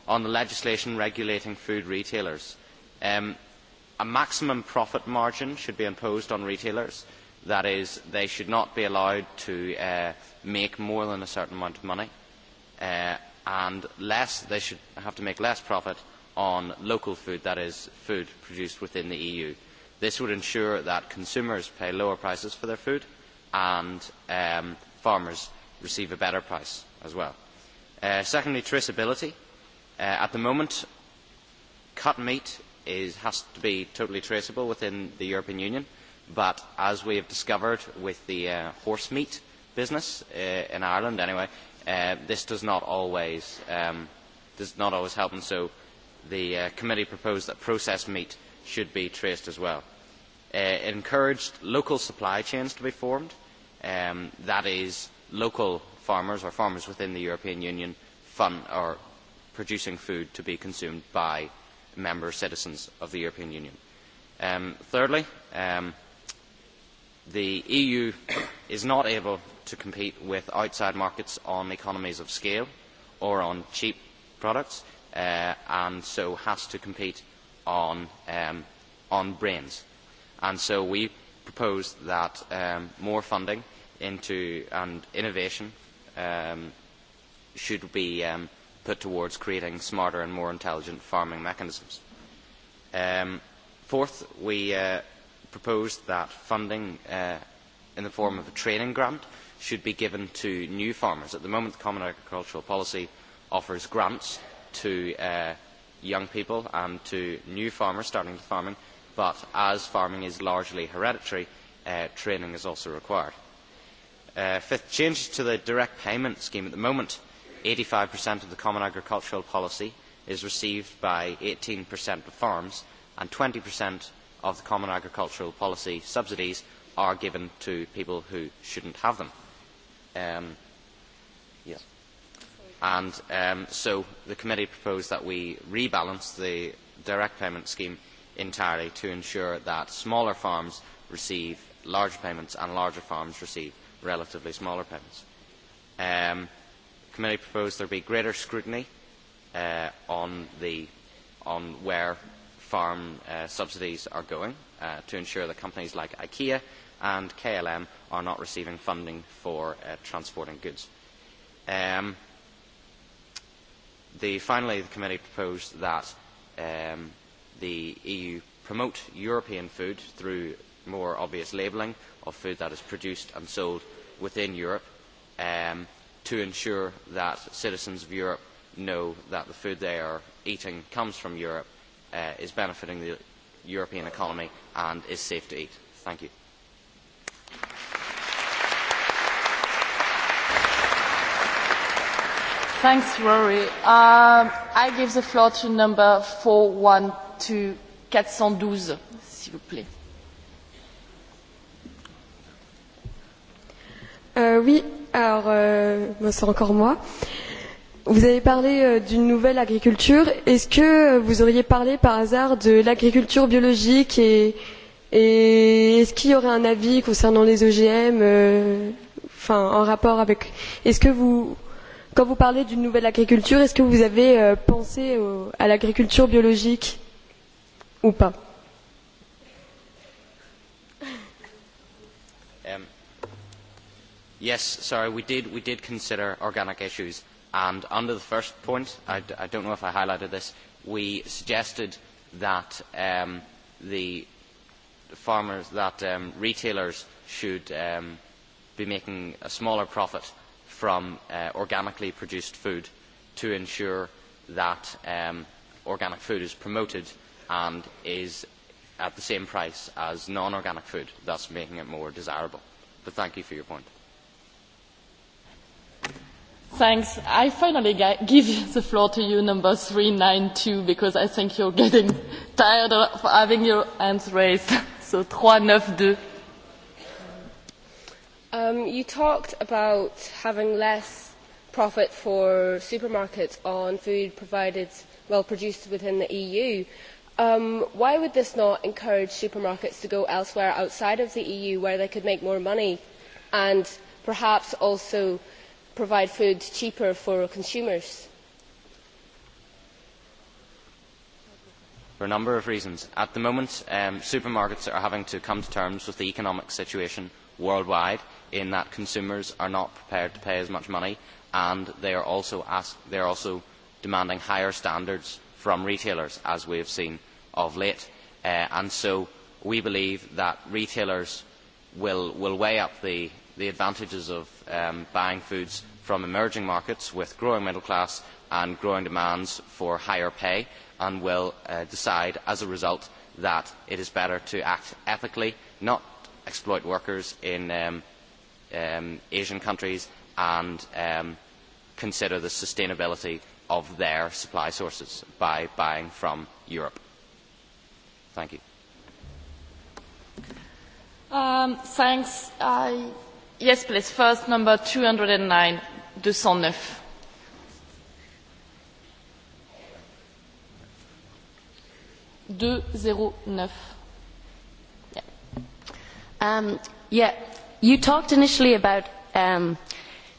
on the legislation regulating food retailers. Um, a maximum profit margin should be imposed on retailers. That is, they should not be allowed to uh, make more than a certain amount of money. Uh, and less, they should have to make less profit on local food, that is, food produced within the EU. This would ensure that consumers pay lower prices for their food and um, farmers receive a better price as well. Uh, secondly, traceability. Uh, at the moment, cut meat is, has to be totally traceable within the European Union, but as we have discovered with the uh, horse meat business, uh, in Ireland anyway, uh, this does not always, um, does not always help, and so the uh, committee proposed that processed meat should be traced as well. Uh, it encouraged local supply chains to be formed, uh, Um, that is local farmers or farmers within the European Union producing food to be consumed by member citizens of the European Union. Um, thirdly, um, the EU is not able to compete with outside markets on economies of scale or on cheap products uh, and so has to compete on, um, on brains. And so we proposed that um, more funding into and innovation um, should be um, put towards creating smarter and more intelligent farming mechanisms. Um, fourth, we uh, proposed that funding uh, in the form of a training grant should be given to new farmers. At the moment, the Common Agricultural Policy offers grants to uh, young people and to new farmers starting to farming but as farming is largely hereditary, uh, training is also required. Uh, fifth, changes to the direct payment scheme. At the moment, 85% of the Common Agricultural Policy is received by 18% of farms, and 20% of the Common Agricultural Policy subsidies are given to people who shouldn't have them. Um, yeah. And um, so the committee proposed that we rebalance the direct payment scheme entirely to ensure that smaller farms receive larger payments and larger farms receive relatively smaller payments. Um, the committee proposed there be greater scrutiny uh, on, the, on where farm uh, subsidies are going uh, to ensure that companies like IKEA and KLM are not receiving funding for uh, transporting goods. Um, the, finally, the committee proposed that um, the EU promote European food through more obvious labelling of food that is produced and sold within Europe um, to ensure that citizens of Europe know that the food they are eating comes from Europe, uh, is benefiting the European economy and is safe to eat. Thank you. Thanks, Rory. Um, I give the floor to number 412 vous euh, oui, alors euh, c'est encore moi. Vous avez parlé euh, d'une nouvelle agriculture. Est-ce que euh, vous auriez parlé par hasard de l'agriculture biologique et, est-ce qu'il y aurait un avis concernant les OGM enfin, en rapport avec... Est-ce que vous, quand vous parlez d'une nouvelle agriculture, est-ce que vous avez pensé à l'agriculture biologique ou pas. Um, yes, sorry, we did, we did consider organic issues. And under the first point, I, I don't know if I highlighted this, we suggested that um, the farmers, that um, retailers should um, be making a smaller profit from uh, organically produced food to ensure that um, organic food is promoted and is at the same price as non-organic food, thus making it more desirable. But thank you for your point. Thanks. I finally give the floor to you, number 392, because I think you're getting tired of having your hands raised. So 392. Um, you talked about having less profit for supermarkets on food provided, well, produced within the EU Um, why would this not encourage supermarkets to go elsewhere outside of the eu where they could make more money and perhaps also provide food cheaper for consumers? for a number of reasons. at the moment um, supermarkets are having to come to terms with the economic situation worldwide in that consumers are not prepared to pay as much money and they are also demanding higher standards from retailers as we have seen of late uh, and so we believe that retailers will, will weigh up the, the advantages of um, buying foods from emerging markets with growing middle class and growing demands for higher pay and will uh, decide as a result that it is better to act ethically, not exploit workers in um, um, Asian countries and um, consider the sustainability of their supply sources by buying from Europe. Thank you. Um, thanks. I... Yes, please. First, number 209. 209. Yeah. Um, yeah, you talked initially about um,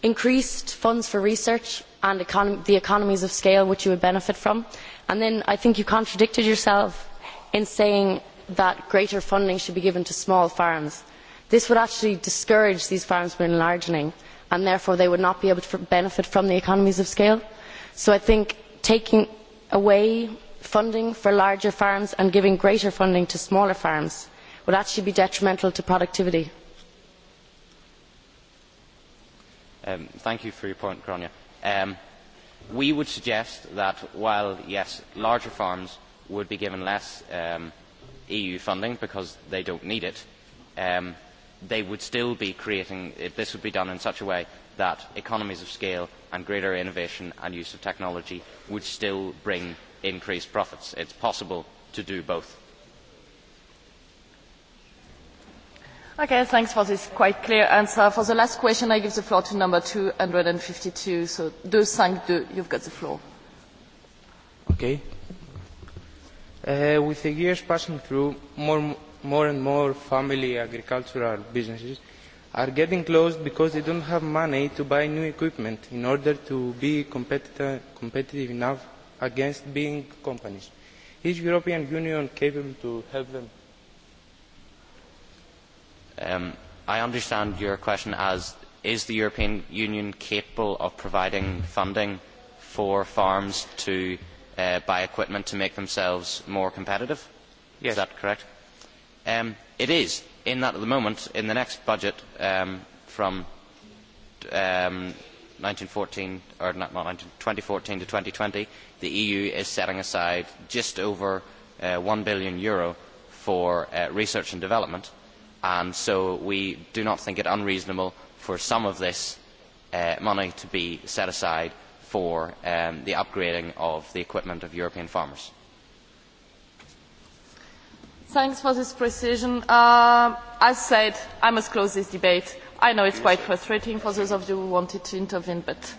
increased funds for research and econ the economies of scale which you would benefit from, and then I think you contradicted yourself in saying that greater funding should be given to small farms. this would actually discourage these farms from enlarging and therefore they would not be able to benefit from the economies of scale. so i think taking away funding for larger farms and giving greater funding to smaller farms would actually be detrimental to productivity. Um, thank you for your point, Grania. Um, we would suggest that while, yes, larger farms would be given less um, EU funding because they don't need it, um, they would still be creating, if this would be done in such a way that economies of scale and greater innovation and use of technology would still bring increased profits. It's possible to do both. Okay, thanks for this quite clear answer. For the last question, I give the floor to number 252. So, 252, you've got the floor. Okay. Uh, with the years passing through, more, more and more family agricultural businesses are getting closed because they don't have money to buy new equipment in order to be competitive, competitive enough against big companies. Is European Union capable to help them? Um, I understand your question as, is the European Union capable of providing funding for farms to Uh, buy equipment to make themselves more competitive? Yes. Is that correct? Um, it is, in that at the moment, in the next budget um, from um, 1914, or not, not 19, 2014 to 2020, the EU is setting aside just over uh, 1 billion euro for uh, research and development, and so we do not think it unreasonable for some of this uh, money to be set aside for um, the upgrading of the equipment of European farmers. Thanks for this precision. Uh, as said, I must close this debate. I know it's yes, quite sir. frustrating for those of you who wanted to intervene, but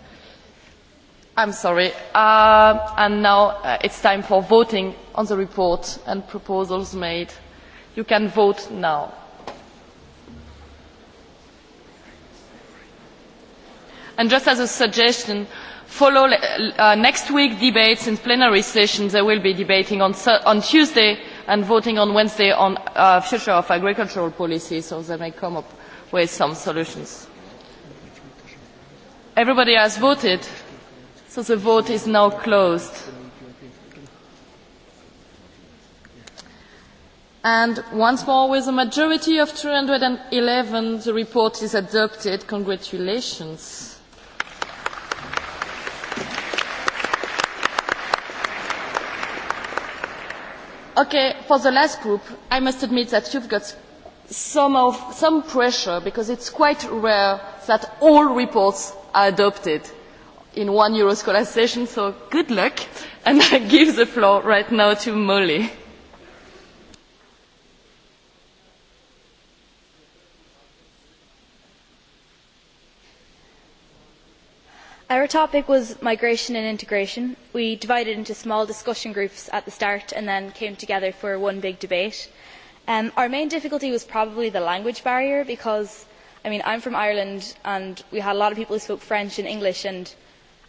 I'm sorry. Uh, and now uh, it's time for voting on the report and proposals made. You can vote now. And just as a suggestion, follow uh, uh next week's debates in plenary sessions they will be debating on, on tuesday and voting on wednesday on the uh, future of agricultural policy so they may come up with some solutions. everybody has voted so the vote is now closed. and once more with a majority of two hundred and eleven the report is adopted. congratulations. Okay, for the last group, I must admit that you've got some, pressure because it's quite rare that all reports are adopted in one Euroscholar session, so good luck. And I give the floor right now to Molly. our topic was migration and integration. we divided into small discussion groups at the start and then came together for one big debate. Um, our main difficulty was probably the language barrier because i am from ireland and we had a lot of people who spoke french and english and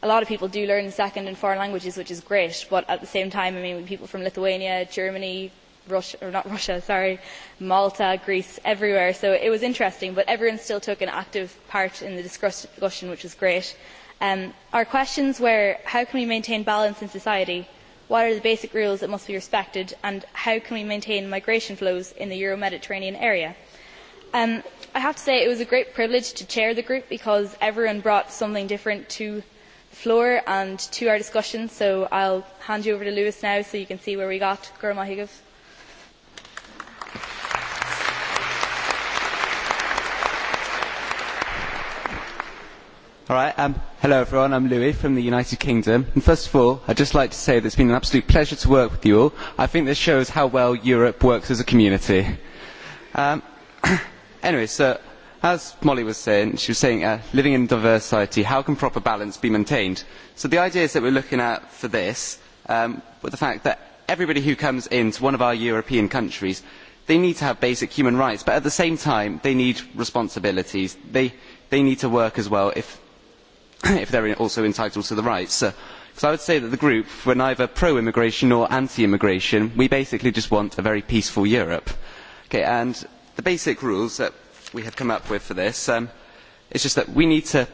a lot of people do learn second and foreign languages which is great but at the same time people from lithuania germany malta greece everywhere so it was interesting but everyone still took an active part in the discussion which was great our um, questions were how can we maintain balance in society what are the basic rules that must be respected and how can we maintain migration flows in the euro mediterranean area? Um, i have to say it was a great privilege to chair the group because everyone brought something different to the floor and to our discussion so i will hand you over to luis now so you can see where we got. Um, hello everyone, I'm Louis from the United Kingdom. And first of all, I'd just like to say that it's been an absolute pleasure to work with you all. I think this shows how well Europe works as a community. Um, anyway, so as Molly was saying, she was saying uh, living in diverse society, how can proper balance be maintained? So the ideas that we're looking at for this um, were the fact that everybody who comes into one of our European countries, they need to have basic human rights, but at the same time, they need responsibilities. They, they need to work as well if if they are also entitled to the rights. Because uh, I would say that the group, we're neither pro-immigration nor anti-immigration. We basically just want a very peaceful Europe. Okay, and the basic rules that we have come up with for this um, is just that we need to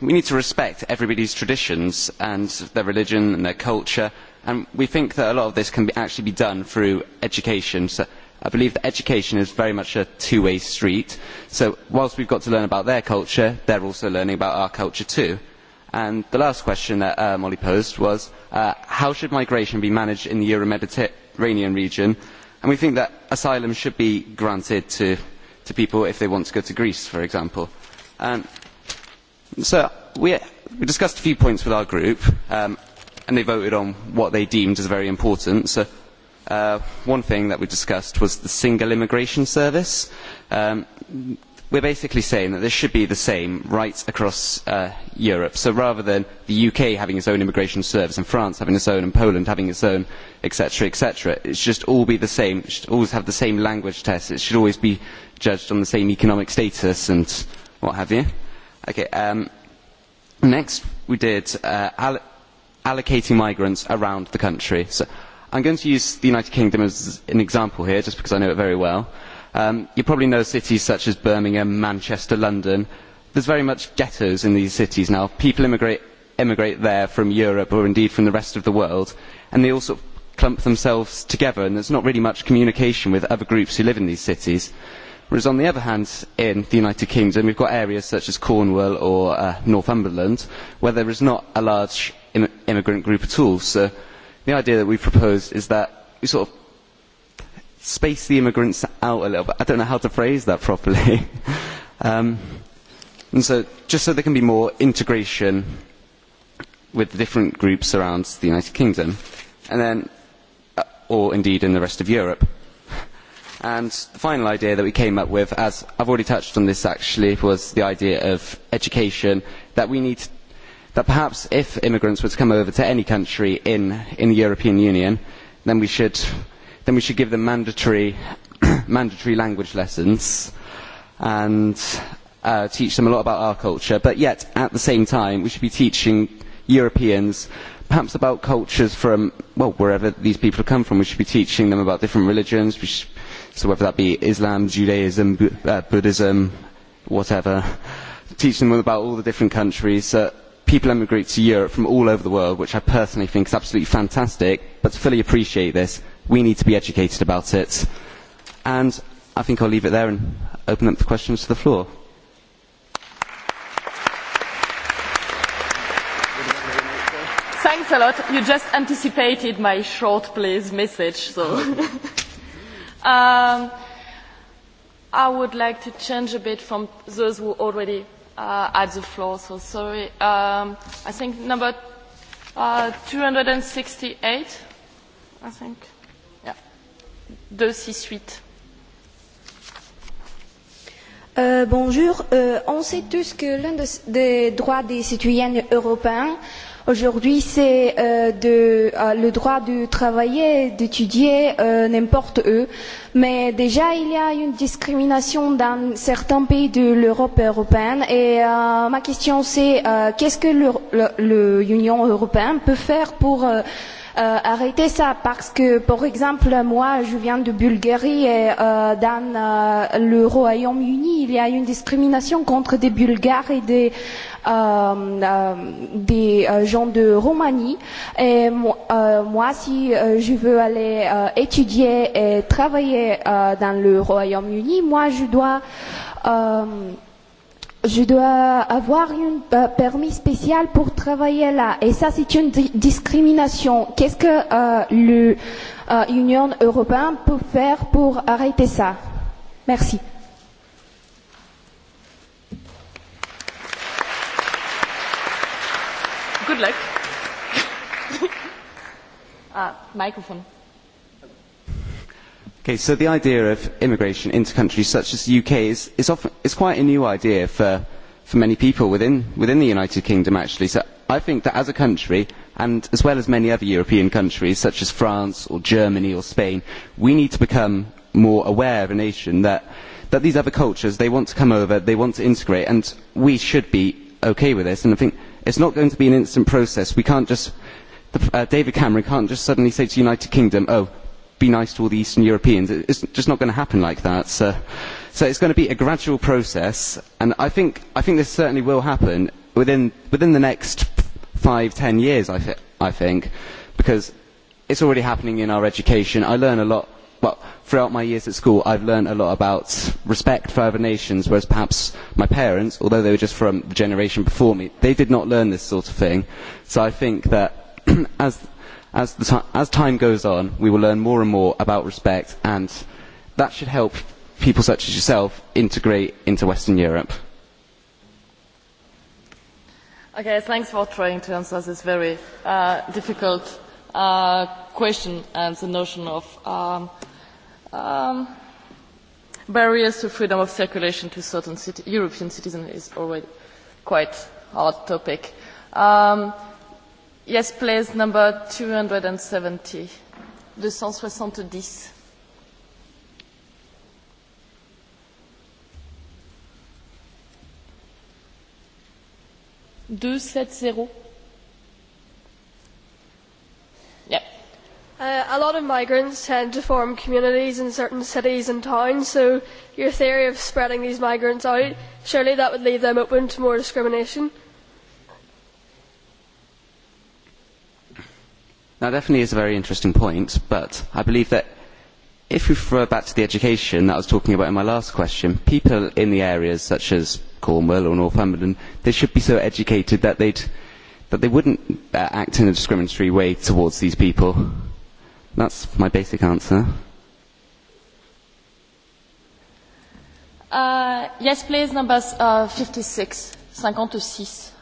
we need to respect everybody's traditions and their religion and their culture and we think that a lot of this can be, actually be done through education so I believe that education is very much a two-way street. So whilst we have got to learn about their culture, they are also learning about our culture too. the last question that uh, Molly posed was, uh, how should migration be managed in the Euro-Mediterranean region? we think that asylum should be granted to, people if they want to go to Greece, for example. we, discussed a few points with our group, um, and they voted on what they deemed as very important. So Uh, one thing that we discussed was the single immigration service. Um, we are basically saying that there should be the same rights across uh, Europe. So rather than the UK having its own immigration service and France having its own and Poland having its own, etc., it should all be the same. It should always have the same language test. It should always be judged on the same economic status and what have you. Um, next, we did uh, allocating migrants around the country. So I'm going to use the United Kingdom as an example here, just because I know it very well. Um, you probably know cities such as Birmingham, Manchester, London. There's very much ghettos in these cities now. People immigrate, emigrate there from Europe or indeed from the rest of the world, and they all sort of clump themselves together, and there's not really much communication with other groups who live in these cities. Whereas on the other hand, in the United Kingdom, we've got areas such as Cornwall or uh, Northumberland where there is not a large Im immigrant group at all. So the idea that we proposed is that we sort of space the immigrants out a little bit. I don't know how to phrase that properly. um, and so, just so there can be more integration with the different groups around the United Kingdom, and then, uh, or indeed in the rest of Europe. And the final idea that we came up with, as I've already touched on this actually, was the idea of education, that we need that perhaps if immigrants were to come over to any country in, in the European Union, then we should, then we should give them mandatory, mandatory language lessons and uh, teach them a lot about our culture. But yet, at the same time, we should be teaching Europeans perhaps about cultures from, well, wherever these people come from. We should be teaching them about different religions, we should, so whether that be Islam, Judaism, Bu uh, Buddhism, whatever. Teaching them about all the different countries. that people emigrate to Europe from all over the world, which I personally think is absolutely fantastic, but to fully appreciate this, we need to be educated about it. And I think I'll leave it there and open up the questions to the floor. Thanks a lot. You just anticipated my short please message, so. um, I would like to change a bit from those who already uh, at the floor, so sorry. Um, I think number uh, 268, I think. Yeah. 268. Euh, bonjour. Euh, on sait tous que l'un des, droits des citoyens européens Aujourd'hui, c'est euh, euh, le droit de travailler, d'étudier euh, n'importe où. Mais déjà, il y a une discrimination dans certains pays de l'Europe européenne. Et euh, ma question, c'est euh, qu'est-ce que l'Union européenne peut faire pour euh, Euh, arrêter ça parce que, par exemple, moi, je viens de Bulgarie et euh, dans euh, le Royaume-Uni, il y a une discrimination contre des Bulgares et des, euh, euh, des euh, gens de Roumanie. Et euh, moi, si euh, je veux aller euh, étudier et travailler euh, dans le Royaume-Uni, moi, je dois euh, je dois avoir un euh, permis spécial pour travailler là. Et ça, c'est une di discrimination. Qu'est-ce que euh, l'Union euh, européenne peut faire pour arrêter ça Merci. Good luck. ah, microphone so the idea of immigration into countries such as the UK is, quite a new idea for, many people within, the United Kingdom, actually. So I think that as a country, and as well as many other European countries, such as France or Germany or Spain, we need to become more aware of a nation that, these other cultures, want to come over, they want to integrate, and we should be okay with this. And I think it is not going to be an instant process. We can't just, uh, David Cameron cannot just suddenly say to the United Kingdom, oh, be nice to all the Eastern Europeans. It's just not going to happen like that. So, so it's going to be a gradual process, and I think, I think this certainly will happen within, within the next five, ten years, I, th- I think, because it's already happening in our education. I learn a lot. Well, throughout my years at school, I've learned a lot about respect for other nations, whereas perhaps my parents, although they were just from the generation before me, they did not learn this sort of thing. So I think that as As, time goes on, we will learn more and more about respect, and that should help people such as yourself integrate into Western Europe. Okay, thanks for trying to answer this very uh, difficult uh, question and the notion of um, um, barriers to freedom of circulation to certain city, European citizens is already quite a hot topic. Um, Yes, please, number 270. 270. Deux sept zéro. Uh, a lot of migrants tend to form communities in certain cities and towns, so your theory of spreading these migrants out, surely that would leave them open to more discrimination. Now, definitely is a very interesting point, but I believe that if we refer back to the education that I was talking about in my last question, people in the areas such as Cornwall or Northumberland, should be so educated that they would not uh, act in a discriminatory way towards these people. that is my basic answer. Uh, yes, please, numbers uh, 56. 56.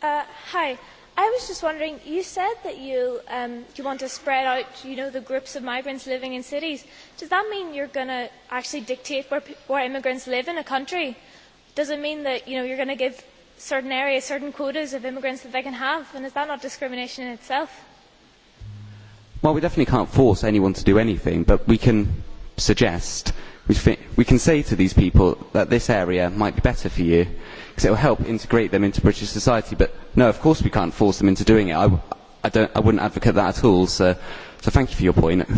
Uh, hi. I was just wondering, you said that you, um, you want to spread out, you know, the groups of migrants living in cities. Does that mean you're going to actually dictate where, where immigrants live in a country? Does it mean that, you know, you're going to give certain areas certain quotas of immigrants that they can have? And is that not discrimination in itself? Well, we definitely can't force anyone to do anything, but we can suggest we, we can say to these people that this area might be better for you because it will help integrate them into British society. But no, of course we can't force them into doing it. I, I, don't, I wouldn't advocate that at all. So, so thank you for your point.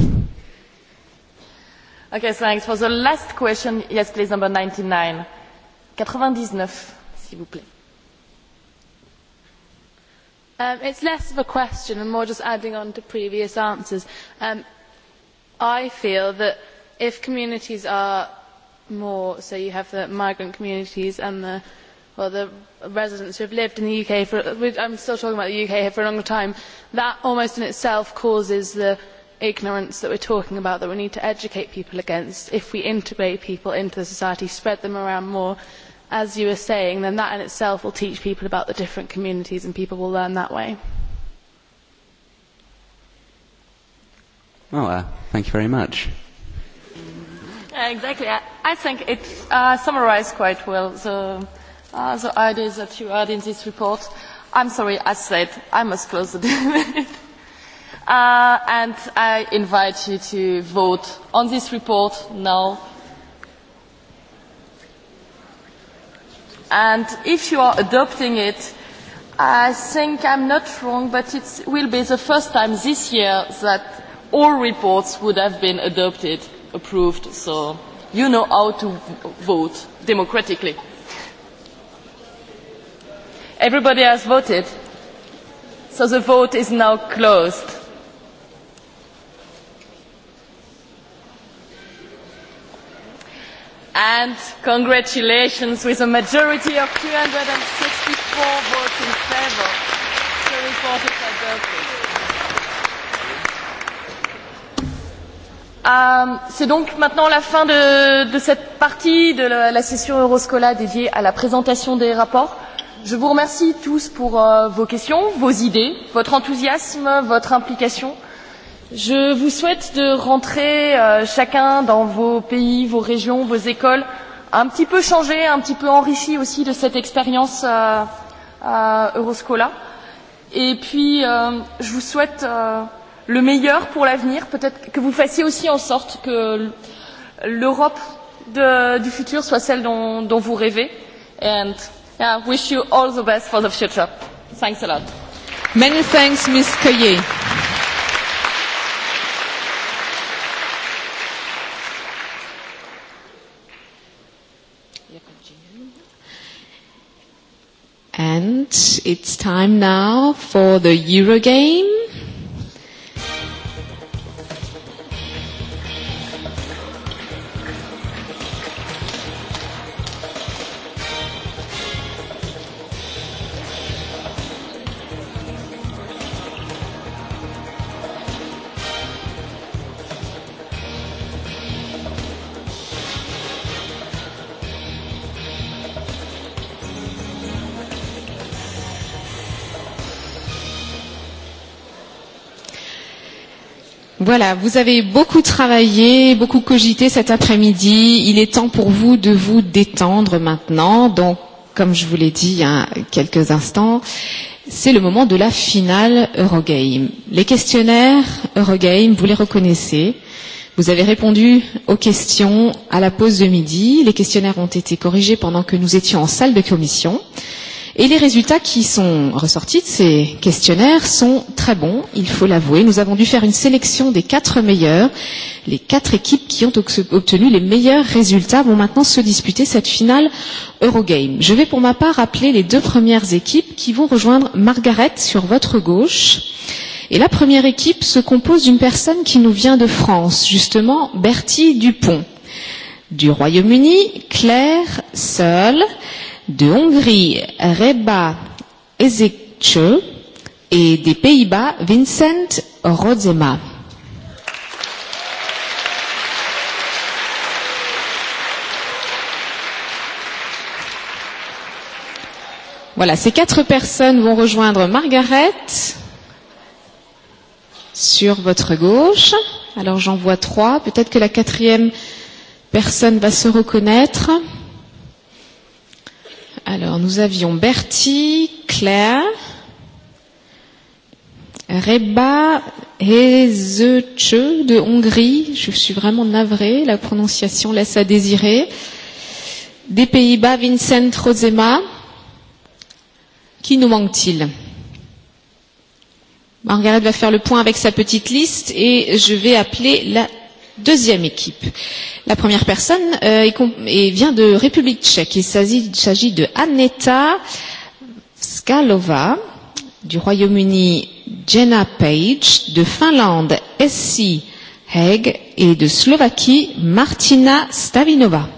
Okay, thanks. For the last question, yes, please, number 99. 99, s'il vous plaît. Um, it's less of a question and more just adding on to previous answers. Um, I feel that if communities are more, so you have the migrant communities and the well, the residents who have lived in the UK for I'm still talking about the UK here for a long time. That almost in itself causes the ignorance that we're talking about that we need to educate people against. If we integrate people into the society, spread them around more, as you were saying, then that in itself will teach people about the different communities, and people will learn that way. Well, uh, thank you very much exactly. I I think it uh, summarized quite well the, uh, the ideas that you had in this report. I'm sorry, I said I must close the debate. uh, and I invite you to vote on this report now. And if you are adopting it, I think I'm not wrong, but it will be the first time this year that all reports would have been adopted approved, so you know how to vote democratically. Everybody has voted, so the vote is now closed. And congratulations with a majority of 264 votes in favour. So Euh, c'est donc maintenant la fin de, de cette partie de la, la session Euroscola dédiée à la présentation des rapports. Je vous remercie tous pour euh, vos questions, vos idées, votre enthousiasme, votre implication. Je vous souhaite de rentrer euh, chacun dans vos pays, vos régions, vos écoles, un petit peu changé, un petit peu enrichi aussi de cette expérience euh, euh, Euroscola. Et puis, euh, je vous souhaite. Euh, le meilleur pour l'avenir, peut-être que vous fassiez aussi en sorte que l'Europe du futur soit celle dont, dont vous rêvez. And I yeah, wish you all the best for the future. Thanks a lot. Many thanks, Ms. Caillé. And it's time now for the Eurogame. Voilà, vous avez beaucoup travaillé, beaucoup cogité cet après-midi. Il est temps pour vous de vous détendre maintenant. Donc, comme je vous l'ai dit il y a quelques instants, c'est le moment de la finale Eurogame. Les questionnaires Eurogame, vous les reconnaissez. Vous avez répondu aux questions à la pause de midi. Les questionnaires ont été corrigés pendant que nous étions en salle de commission. Euh, Et les résultats qui sont ressortis de ces questionnaires sont très bons, il faut l'avouer. Nous avons dû faire une sélection des quatre meilleurs, les quatre équipes qui ont obtenu les meilleurs résultats vont maintenant se disputer cette finale Eurogame. Je vais pour ma part rappeler les deux premières équipes qui vont rejoindre Margaret sur votre gauche. Et la première équipe se compose d'une personne qui nous vient de France, justement Bertie Dupont. Du Royaume-Uni, Claire Seul de Hongrie, Reba Ezekce et des Pays-Bas, Vincent Rozema. Voilà, ces quatre personnes vont rejoindre Margaret sur votre gauche. Alors j'en vois trois. Peut-être que la quatrième personne va se reconnaître. Alors, nous avions Bertie, Claire, Reba Hezeche de Hongrie. Je suis vraiment navrée, la prononciation laisse à désirer. Des Pays-Bas, Vincent Rosema. Qui nous manque-t-il Margaret va faire le point avec sa petite liste et je vais appeler la deuxième équipe. La première personne euh, est, est, vient de République tchèque. Il s'agit de Aneta Skalova, du Royaume-Uni Jenna Page, de Finlande Essie Haig et de Slovaquie Martina Stavinova.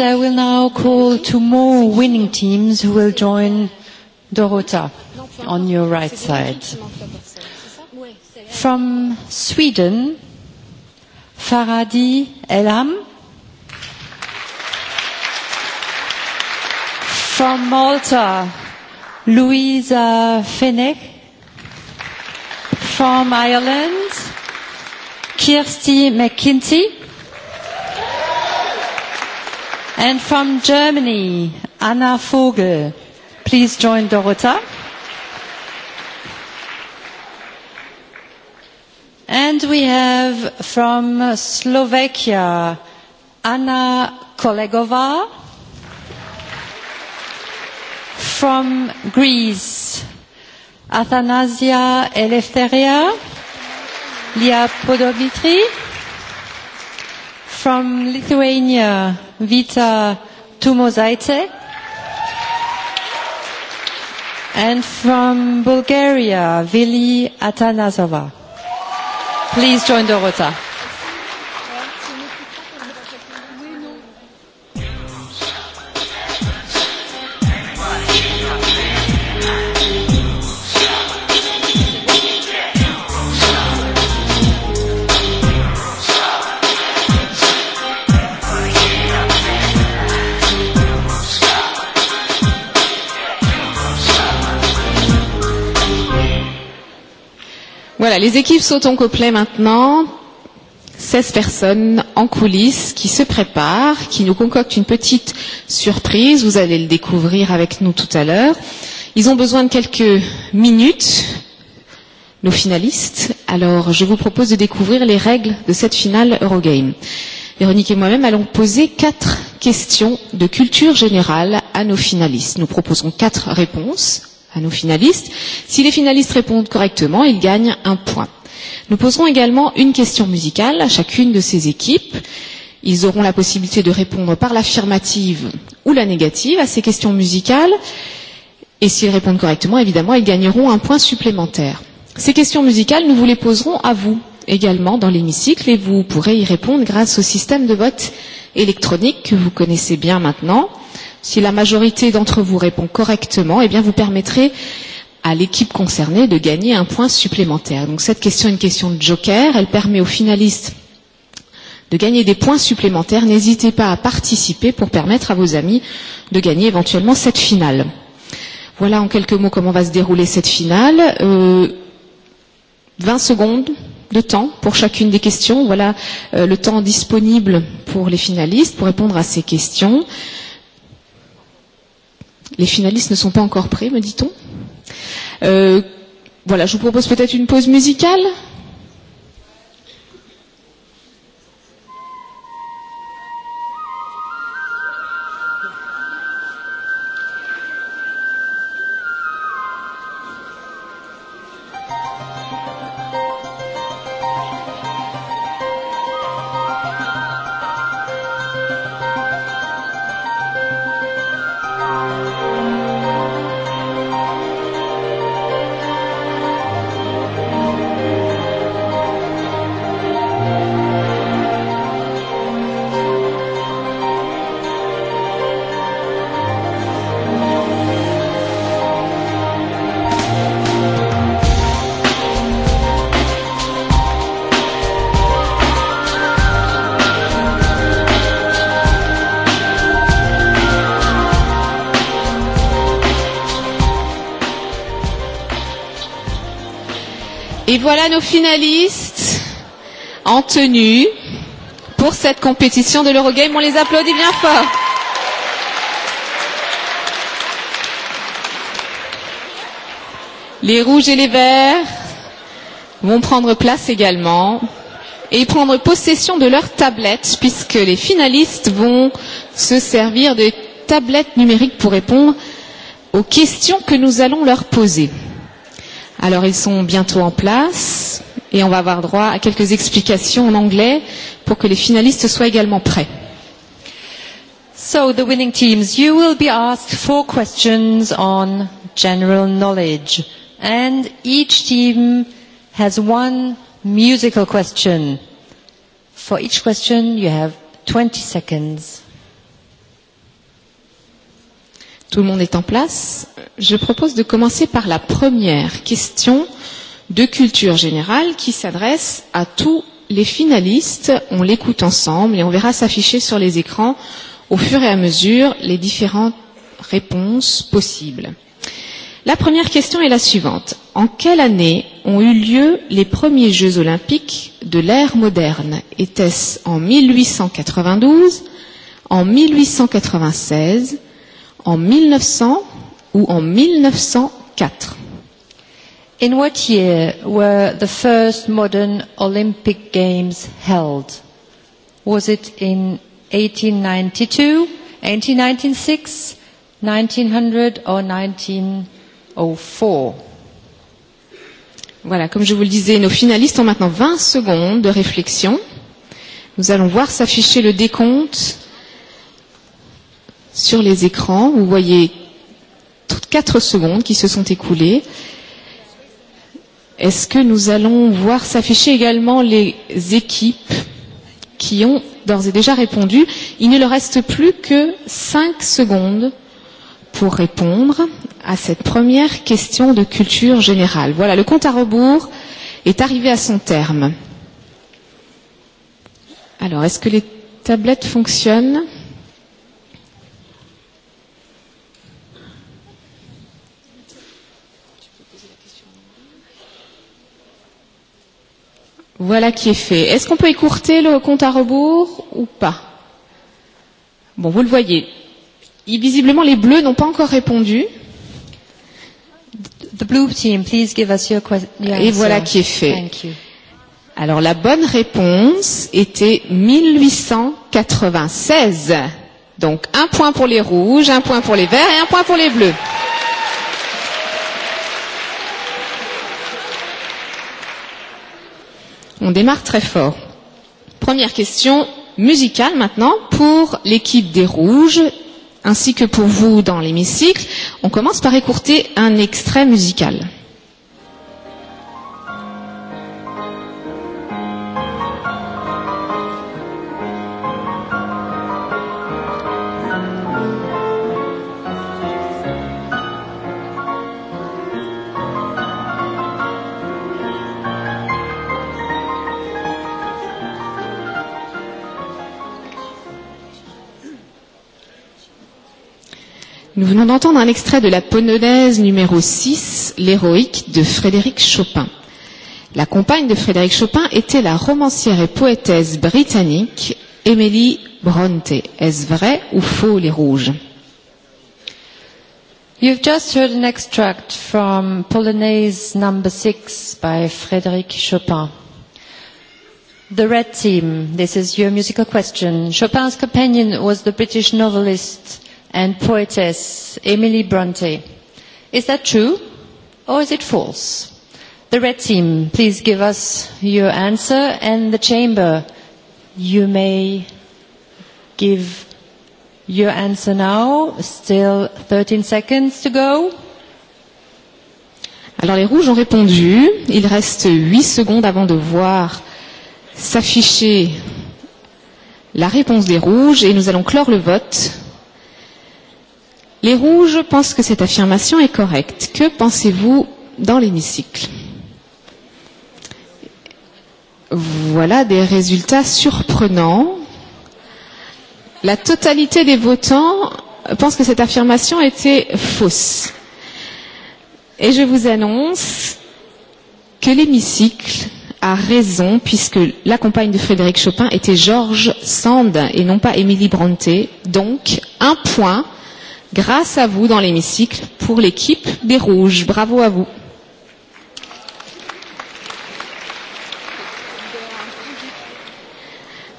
And I will now call two more winning teams who will join Dorota on your right side. From Sweden, Faradi Elam. From Malta, Louisa Fenech. From Ireland, Kirsty McKinsey. And from Germany, Anna Vogel. Please join Dorota. And we have from Slovakia, Anna Kolegova. From Greece, Athanasia Eleftheria, Lia Podobitri. From Lithuania, Vita Tumozaitse. And from Bulgaria, Vili Atanasova. Please join Dorota. Les équipes sautent au complet maintenant. 16 personnes en coulisses qui se préparent, qui nous concoctent une petite surprise. Vous allez le découvrir avec nous tout à l'heure. Ils ont besoin de quelques minutes, nos finalistes. Alors, je vous propose de découvrir les règles de cette finale Eurogame. Véronique et moi-même allons poser quatre questions de culture générale à nos finalistes. Nous proposons quatre réponses à nos finalistes. Si les finalistes répondent correctement, ils gagnent un point. Nous poserons également une question musicale à chacune de ces équipes. Ils auront la possibilité de répondre par l'affirmative ou la négative à ces questions musicales. Et s'ils répondent correctement, évidemment, ils gagneront un point supplémentaire. Ces questions musicales, nous vous les poserons à vous également dans l'hémicycle et vous pourrez y répondre grâce au système de vote électronique que vous connaissez bien maintenant. Si la majorité d'entre vous répond correctement, eh bien vous permettrez à l'équipe concernée de gagner un point supplémentaire. Donc cette question est une question de joker. Elle permet aux finalistes de gagner des points supplémentaires. N'hésitez pas à participer pour permettre à vos amis de gagner éventuellement cette finale. Voilà en quelques mots comment va se dérouler cette finale. Euh, 20 secondes de temps pour chacune des questions. Voilà euh, le temps disponible pour les finalistes pour répondre à ces questions. Euh, Les finalistes ne sont pas encore prêts, me dit-on. Euh, voilà, je vous propose peut-être une pause musicale Et voilà nos finalistes en tenue pour cette compétition de l'Eurogame. On les applaudit bien fort. Les rouges et les verts vont prendre place également et prendre possession de leurs tablettes puisque les finalistes vont se servir des tablettes numériques pour répondre aux questions que nous allons leur poser. Alors ils sont bientôt en place et on va avoir droit à quelques explications en anglais pour que les finalistes soient également prêts. So the winning teams, you will be asked four questions on general knowledge and each team has one musical question. For each question you have 20 seconds. Tout le monde est en place. Je propose de commencer par la première question de culture générale qui s'adresse à tous les finalistes. On l'écoute ensemble et on verra s'afficher sur les écrans au fur et à mesure les différentes réponses possibles. La première question est la suivante. En quelle année ont eu lieu les premiers Jeux olympiques de l'ère moderne Était-ce en 1892, en 1896 en 1900 ou en 1904 In what year were the first modern Olympic Games held? Was it in 1892, 1896, 1900 or 1904? Voilà, comme je vous le disais, nos finalistes ont maintenant 20 secondes de réflexion. Nous allons voir s'afficher le décompte sur les écrans. Vous voyez toutes quatre secondes qui se sont écoulées. Est-ce que nous allons voir s'afficher également les équipes qui ont d'ores et déjà répondu Il ne leur reste plus que cinq secondes pour répondre à cette première question de culture générale. Voilà, le compte à rebours est arrivé à son terme. Alors, est-ce que les tablettes fonctionnent Voilà qui est fait. Est-ce qu'on peut écourter le compte à rebours ou pas Bon, vous le voyez. Et visiblement, les bleus n'ont pas encore répondu. The blue team, please give us your question. Et voilà qui est fait. Thank you. Alors, la bonne réponse était 1896. Donc, un point pour les rouges, un point pour les verts et un point pour les bleus. On démarre très fort. Première question musicale maintenant pour l'équipe des Rouges ainsi que pour vous dans l'hémicycle. On commence par écourter un extrait musical. venons d'entendre un extrait de la Polonaise numéro 6, L'héroïque de Frédéric Chopin. La compagne de Frédéric Chopin était la romancière et poétesse britannique Emily Bronte. Est-ce vrai ou faux les rouges You've just heard an extract from Polonaise number 6 by Frédéric Chopin. The Red Team, this is your musical question. Chopin's companion was the British novelist and poetess Emily Bronte. Is that true or is it false? The red team, please give us your answer and the chamber, you may give your answer now. Still 13 seconds to go. Alors les rouges ont répondu. Il reste 8 secondes avant de voir s'afficher la réponse des rouges et nous allons clore le vote Les rouges pensent que cette affirmation est correcte. Que pensez-vous dans l'hémicycle Voilà des résultats surprenants. La totalité des votants pensent que cette affirmation était fausse. Et je vous annonce que l'hémicycle a raison puisque la compagne de Frédéric Chopin était Georges Sand et non pas Émilie Brontë. Donc, un point grâce à vous dans l'hémicycle pour l'équipe des Rouges. Bravo à vous.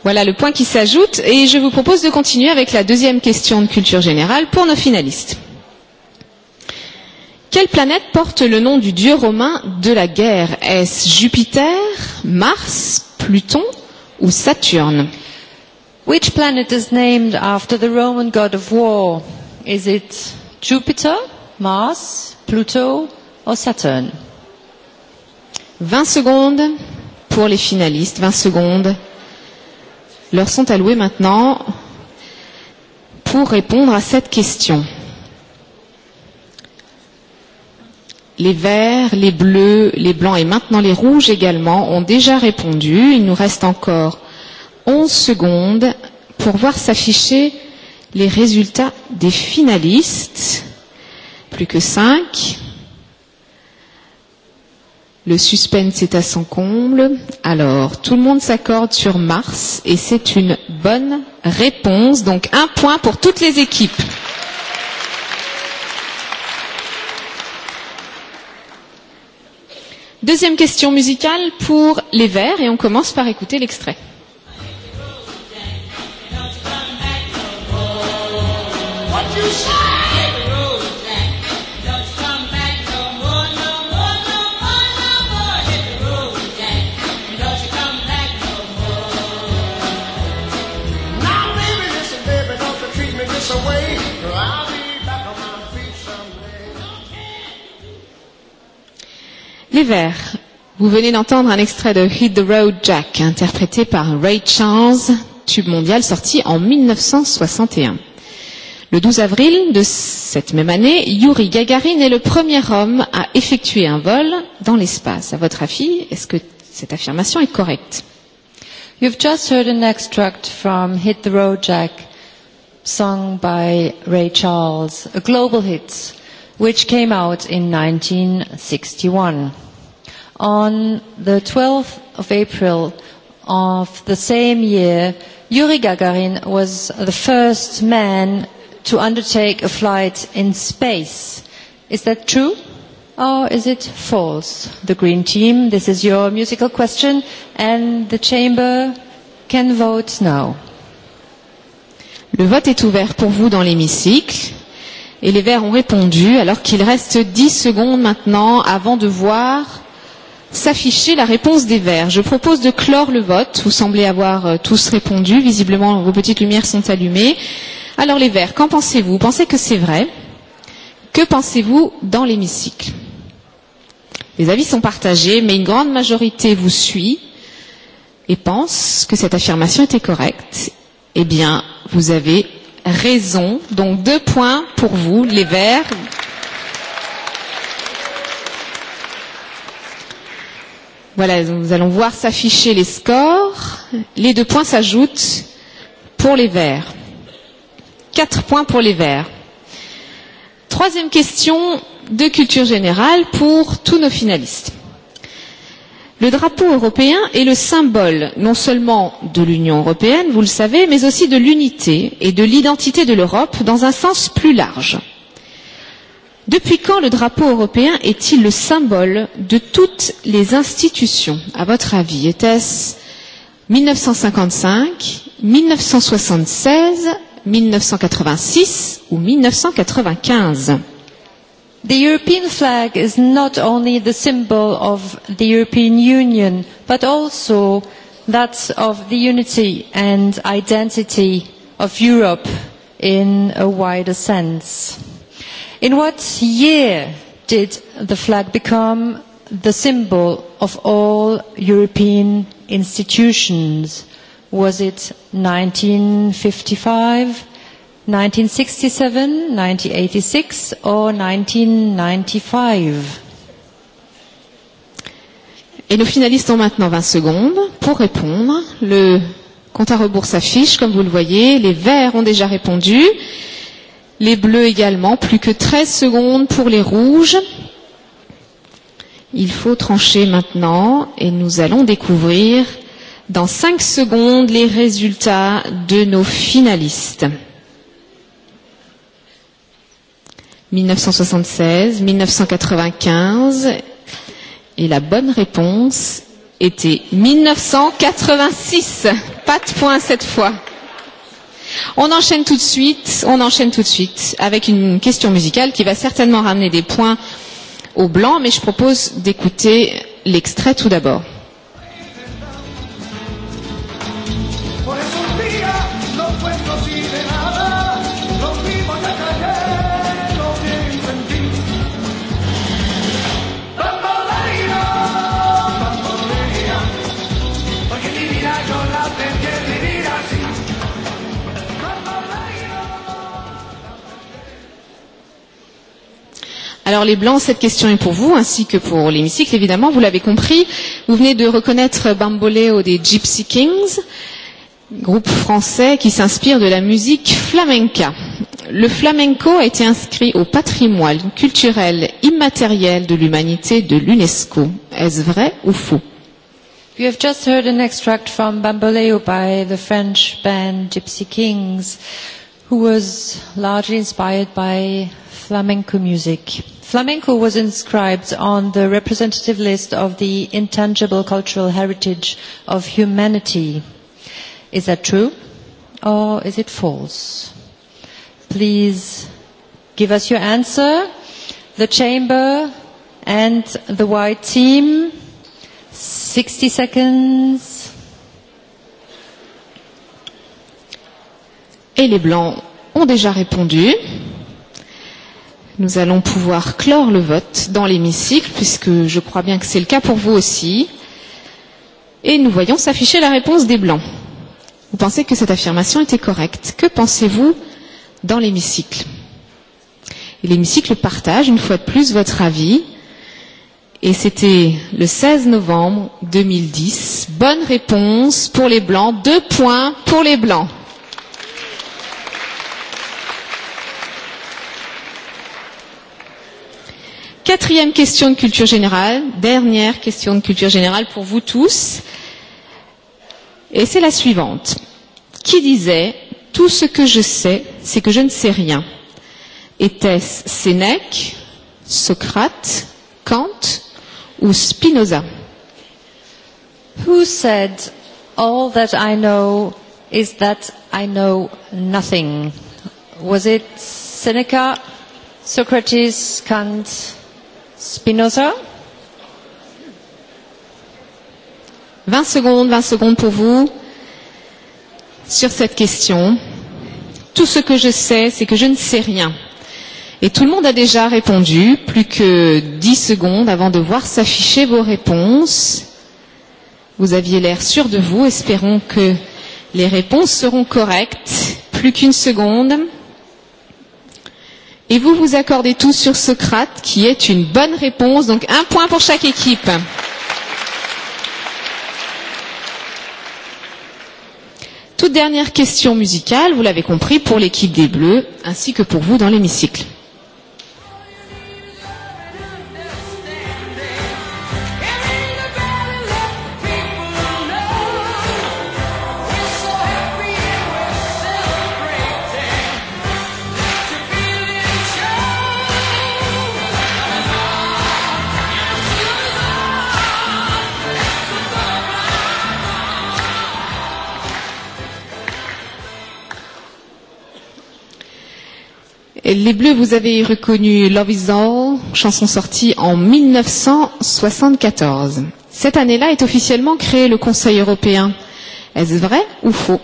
Voilà le point qui s'ajoute et je vous propose de continuer avec la deuxième question de culture générale pour nos finalistes. Quelle planète porte le nom du dieu romain de la guerre Est-ce Jupiter, Mars, Pluton ou Saturne Which planet is named after the Roman god of war is it Jupiter, Mars, Pluto or Saturn? 20 secondes pour les finalistes, 20 secondes leur sont allouées maintenant pour répondre à cette question. Les verts, les bleus, les blancs et maintenant les rouges également ont déjà répondu. Il nous reste encore 11 secondes pour voir s'afficher les résultats des finalistes. Plus que cinq. Le suspense est à son comble. Alors, tout le monde s'accorde sur Mars et c'est une bonne réponse. Donc, un point pour toutes les équipes. Deuxième question musicale pour les Verts et on commence par écouter l'extrait. Les Vous venez d'entendre un extrait de Hit the Road Jack, interprété par Ray Charles, tube mondial sorti en 1961. Le 12 avril de cette même année, Yuri Gagarin est le premier homme à effectuer un vol dans l'espace. À votre avis, est-ce que cette affirmation est correcte You've just heard an extract from Hit the Road Jack, sung by Ray Charles, a global hit, which came out in 1961. On the 12th of April of the same year, Yuri Gagarin was the first man to undertake a flight in space. Is that true or is it false? The Green Team, this is your musical question, and the Chamber can vote now. Le vote est ouvert pour vous dans l'hémicycle. Et les Verts ont répondu, alors qu'il reste 10 secondes maintenant avant de voir s'afficher la réponse des Verts. Je propose de clore le vote. Vous semblez avoir euh, tous répondu. Visiblement, vos petites lumières sont allumées. Alors les Verts, qu'en pensez-vous Pensez que c'est vrai Que pensez-vous dans l'hémicycle Les avis sont partagés, mais une grande majorité vous suit et pense que cette affirmation était correcte. Eh bien, vous avez raison. Donc deux points pour vous, les Verts. Voilà, nous allons voir s'afficher les scores. Les deux points s'ajoutent pour les Verts. 4 points pour les Verts. Troisième question de culture générale pour tous nos finalistes. Le drapeau européen est le symbole non seulement de l'Union européenne, vous le savez, mais aussi de l'unité et de l'identité de l'Europe dans un sens plus large. Depuis quand le drapeau européen est-il le symbole de toutes les institutions, à votre avis Était-ce 1955, 1976, 1986 ou 1995. The European flag is not only the symbol of the European Union, but also that of the unity and identity of Europe in a wider sense. In what year did the flag become the symbol of all European institutions? Was it 1955, 1967, 1986 or 1995? Et nos finalistes ont maintenant 20 secondes pour répondre. Le compte à rebours s'affiche, comme vous le voyez. Les verts ont déjà répondu. Les bleus également. Plus que 13 secondes pour les rouges. Il faut trancher maintenant et nous allons découvrir dans 5 secondes les résultats de nos finalistes. 1976, 1995 et la bonne réponse était 1986. Pas de point cette fois. On enchaîne tout de suite, on enchaîne tout de suite avec une question musicale qui va certainement ramener des points au blanc, mais je propose d'écouter l'extrait tout d'abord. Alors les Blancs, cette question est pour vous, ainsi que pour l'hémicycle, évidemment, vous l'avez compris. Vous venez de reconnaître Bamboleo des Gypsy Kings, groupe français qui s'inspire de la musique flamenca. Le flamenco a été inscrit au patrimoine culturel immatériel de l'humanité de l'UNESCO. Est-ce vrai ou faux You have just heard an extract from Bamboleo by the French band Gypsy Kings who was largely inspired by flamenco music. Flamenco was inscribed on the representative list of the intangible cultural heritage of humanity. Is that true or is it false? Please give us your answer. The chamber and the white team. 60 seconds. et les blancs ont déjà répondu. Nous allons pouvoir clore le vote dans l'hémicycle, puisque je crois bien que c'est le cas pour vous aussi. Et nous voyons s'afficher la réponse des blancs. Vous pensez que cette affirmation était correcte. Que pensez-vous dans l'hémicycle l'hémicycle partage une fois de plus votre avis. Et c'était le 16 novembre 2010. Bonne réponse pour les blancs. Deux points pour les blancs. Quatrième question de culture générale, dernière question de culture générale pour vous tous. Et c'est la suivante. Qui disait Tout ce que je sais, c'est que je ne sais rien Était-ce Sénèque, Socrate, Kant ou Spinoza Who said All that I know is that I know nothing Was it Seneca, Socrates, Kant Spinoza. 20 secondes, 20 secondes pour vous sur cette question. Tout ce que je sais, c'est que je ne sais rien. Et tout le monde a déjà répondu, plus que 10 secondes avant de voir s'afficher vos réponses. Vous aviez l'air sûr de vous, espérons que les réponses seront correctes. Plus qu'une seconde. Et vous vous accordez tous sur Socrate, qui est une bonne réponse. Donc un point pour chaque équipe. Toute dernière question musicale, vous l'avez compris, pour l'équipe des Bleus, ainsi que pour vous dans l'hémicycle. Les Bleus, vous avez reconnu Love Is All, chanson sortie en 1974. Cette année-là est officiellement créé le Conseil européen. Est-ce vrai ou faux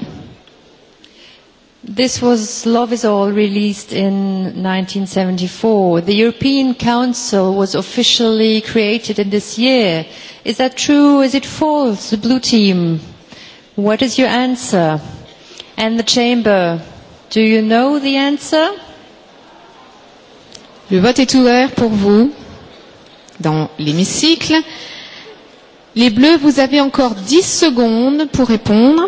This was Love is All released in 1974. The European Council was officially created in this year. Is that true? or Is it false? The blue team. What is your answer? And the chamber. Do you know the answer? Le vote est ouvert pour vous dans l'hémicycle. Les bleus, vous avez encore 10 secondes pour répondre.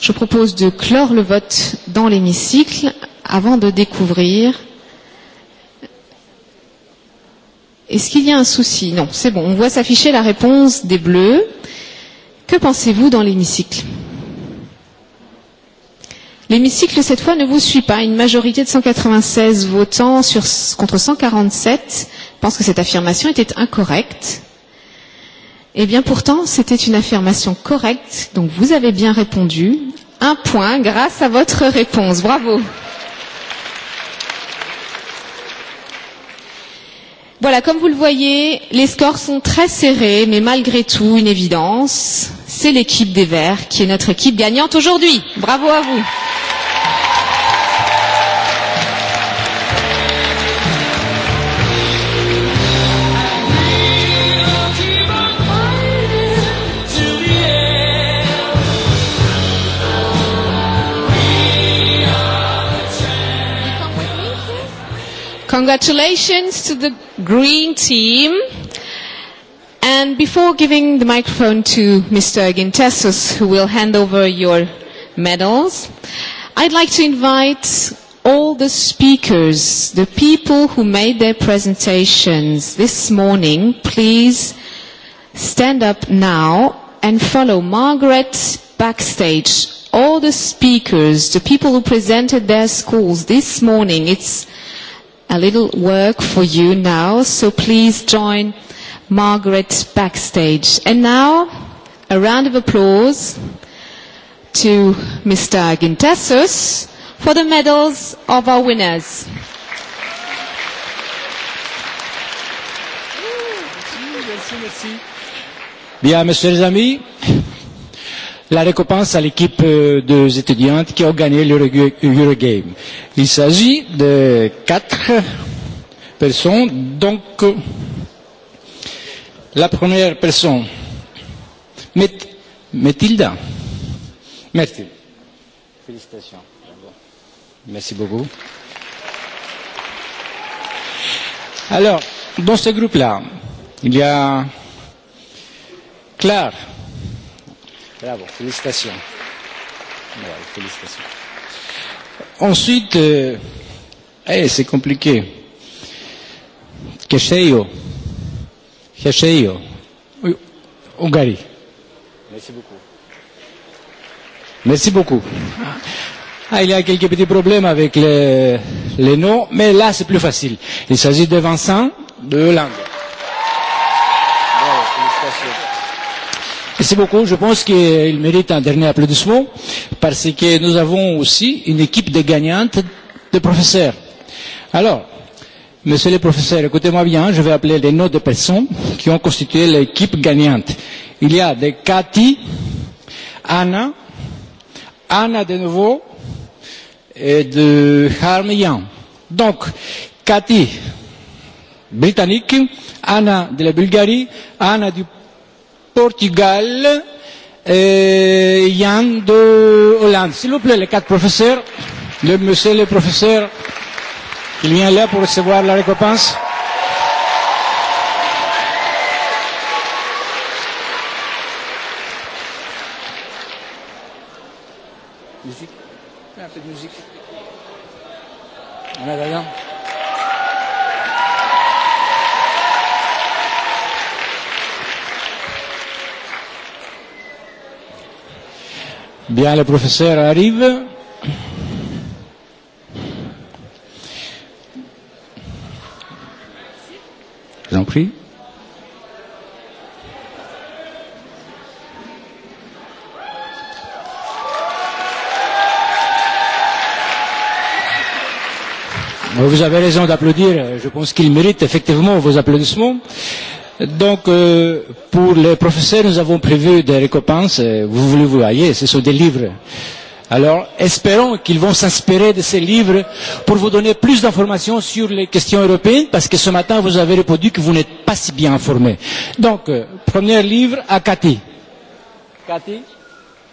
Je propose de clore le vote dans l'hémicycle avant de découvrir. Est-ce qu'il y a un souci Non, c'est bon. On voit s'afficher la réponse des bleus. Que pensez-vous dans l'hémicycle L'hémicycle, cette fois, ne vous suit pas. Une majorité de 196 votants sur, contre 147 pense que cette affirmation était incorrecte. Eh bien, pourtant, c'était une affirmation correcte, donc vous avez bien répondu. Un point grâce à votre réponse. Bravo. Voilà, comme vous le voyez, les scores sont très serrés, mais malgré tout, une évidence c'est l'équipe des Verts qui est notre équipe gagnante aujourd'hui. Bravo à vous. Congratulations to the green team. And before giving the microphone to Mr. Gintessus, who will hand over your medals, I'd like to invite all the speakers, the people who made their presentations this morning, please stand up now and follow Margaret backstage. All the speakers, the people who presented their schools this morning, it's a little work for you now, so please join Margaret backstage. And now, a round of applause to Mr. Gintessus for the medals of our winners. Bien, mes chers amis, la récompense à l'équipe euh, des étudiantes qui ont gagné l'Eurogame. Il s'agit de quatre personnes, donc la première personne. Mathilda. Merci. Félicitations. Merci beaucoup. Alors, dans ce groupe-là, il y a Claire. Bravo, félicitations. Bravo, félicitations. Ensuite, euh, hey, eh, c'est compliqué. Cacheio. Checheio, Hongrie. Merci beaucoup. Merci beaucoup. Ah, il y a quelques petits problèmes avec les, les noms, mais là c'est plus facile. Il s'agit de Vincent de Hollande. Merci beaucoup. Je pense qu'il mérite un dernier applaudissement parce que nous avons aussi une équipe de gagnantes de professeurs. Alors, Monsieur le professeur, écoutez-moi bien, je vais appeler les noms des personnes qui ont constitué l'équipe gagnante. Il y a des Cathy, Anna, Anna de nouveau et de Harmian. Donc, Cathy, britannique, Anna de la Bulgarie, Anna du Portugal et Yann de Hollande. S'il vous plaît, les quatre professeurs, le monsieur le professeur. Il vient là pour recevoir la récompense. Musique. Un peu de musique. On a rien. Bien, le professeur arrive. Je vous en prie. Vous avez raison d'applaudir. Je pense qu'il mérite effectivement vos applaudissements. Donc, euh, pour les professeurs, nous avons prévu des récompenses. Vous, voulez vous voyez, ce sont des livres. Euh, Alors, espérons qu'ils vont s'inspirer de ces livres pour vous donner plus d'informations sur les questions européennes, parce que ce matin, vous avez répondu que vous n'êtes pas si bien informé. Donc, euh, premier livre à Cathy. Cathy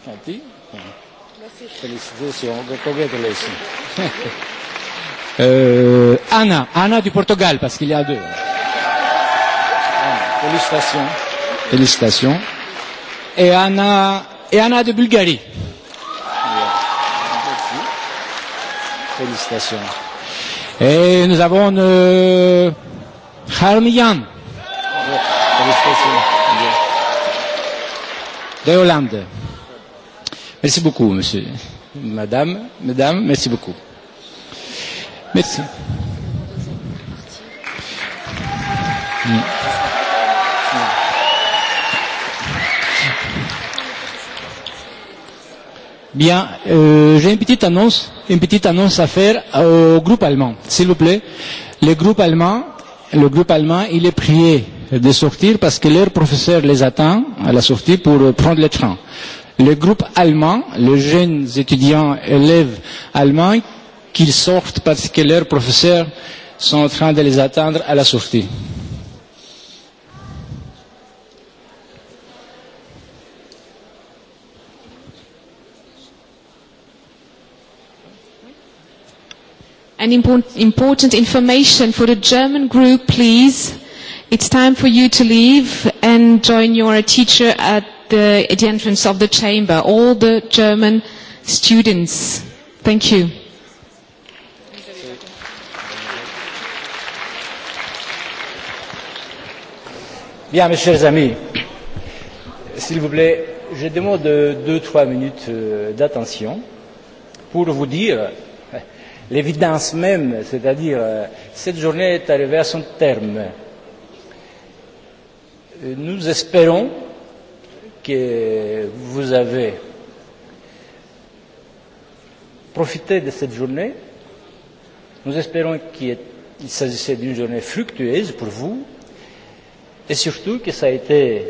Cathy Merci. Félicitations. Congratulations. euh, Anna. Anna du Portugal, parce qu'il y a deux. Anna, ah, félicitations. Félicitations. Et Anna, et Anna de Bulgarie. Félicitations. Et nous avons euh, Harmian. De Hollande. Merci beaucoup, monsieur. Madame, mesdames, merci beaucoup. Merci. Bien, euh, j'ai une petite annonce une petite annonce à faire au groupe allemand, s'il vous plaît. Le groupe allemand, le groupe allemand, il est prié de sortir parce que leur professeur les attend à la sortie pour prendre le train. Le groupe allemand, les jeunes étudiants, élèves allemands, qu'ils sortent parce que leurs professeurs sont en train de les attendre à la sortie. and impo- important information for the German group, please. It's time for you to leave and join your teacher at the, at the entrance of the chamber, all the German students. Thank you. Bien, mes chers amis, s'il vous plaît, je demande deux, trois minutes euh, d'attention pour vous dire l'évidence même, c'est-à-dire euh, cette journée est arrivée à son terme. Euh, nous espérons que vous avez profité de cette journée. Nous espérons qu'il s'agissait d'une journée fructueuse pour vous et surtout que ça a été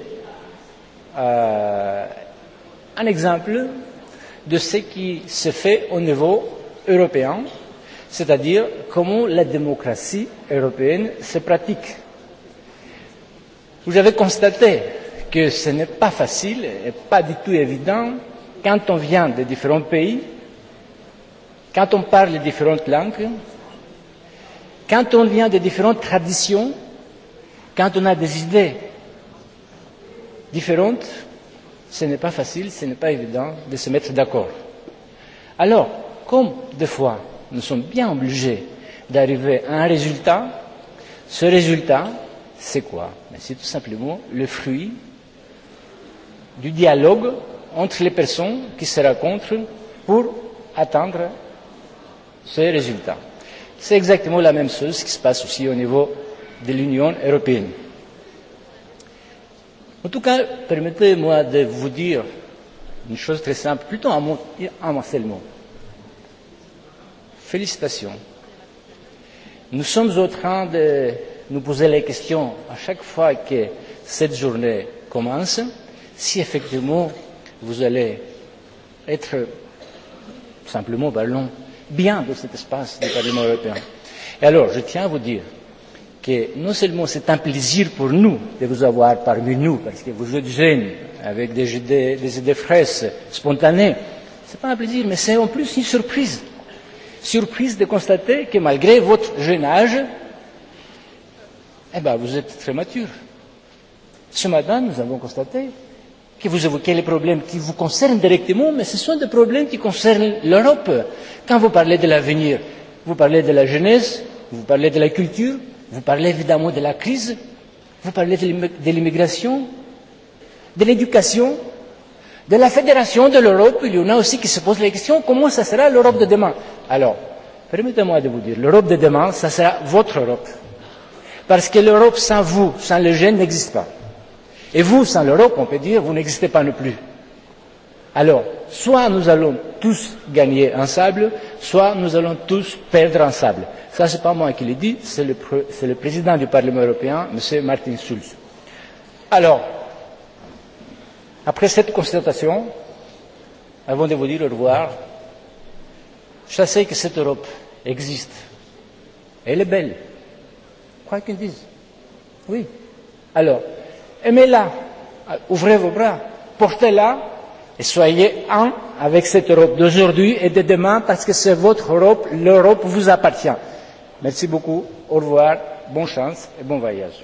euh, un exemple de ce qui se fait au niveau européen c'est-à-dire comment la démocratie européenne se pratique. Vous avez constaté que ce n'est pas facile et pas du tout évident quand on vient de différents pays, quand on parle différentes langues, quand on vient de différentes traditions, quand on a des idées différentes, ce n'est pas facile, ce n'est pas évident de se mettre d'accord. Alors, comme des fois nous sommes bien obligés d'arriver à un résultat. Ce résultat, c'est quoi C'est tout simplement le fruit du dialogue entre les personnes qui se rencontrent pour atteindre ce résultat. C'est exactement la même chose qui se passe aussi au niveau de l'Union européenne. En tout cas, permettez-moi de vous dire une chose très simple, plutôt un mot, un seul mot. Félicitations. Nous sommes en train de nous poser la question à chaque fois que cette journée commence, si effectivement vous allez être, simplement parlant, bien dans cet espace du Parlement européen. Et alors, je tiens à vous dire que non seulement c'est un plaisir pour nous de vous avoir parmi nous, parce que vous êtes jeunes, avec des idées, des idées fraîches, spontanées, ce n'est pas un plaisir, mais c'est en plus une surprise surprise de constater que malgré votre jeune âge, eh ben, vous êtes très mature. Ce matin, nous avons constaté que vous évoquez les problèmes qui vous concernent directement, mais ce sont des problèmes qui concernent l'Europe. Quand vous parlez de l'avenir, vous parlez de la jeunesse, vous parlez de la culture, vous parlez évidemment de la crise, vous parlez de l'immigration, de l'éducation, de la fédération de l'Europe. Il y en a aussi qui se posent la question comment ça sera l'Europe de demain Alors, permettez-moi de vous dire, l'Europe de demain, ça sera votre Europe. Parce que l'Europe sans vous, sans les jeunes, n'existe pas. Et vous, sans l'Europe, on peut dire, vous n'existez pas non plus. Alors, soit nous allons tous gagner en sable, soit nous allons tous perdre en sable. Ça, ce n'est pas moi qui le dis, c'est le, le président du Parlement européen, M. Martin Schulz. Alors, après cette constatation, avant de vous dire au revoir, Je sais que cette Europe existe. Elle est belle. Quoi qu'ils disent. Oui. Alors, aimez-la. Ouvrez vos bras. Portez-la. Et soyez un avec cette Europe d'aujourd'hui et de demain parce que c'est votre Europe. L'Europe vous appartient. Merci beaucoup. Au revoir. Bonne chance et bon voyage.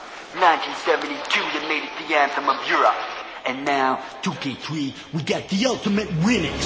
1972 that made it the anthem of Europe. And now, 2K3, we got the ultimate remix.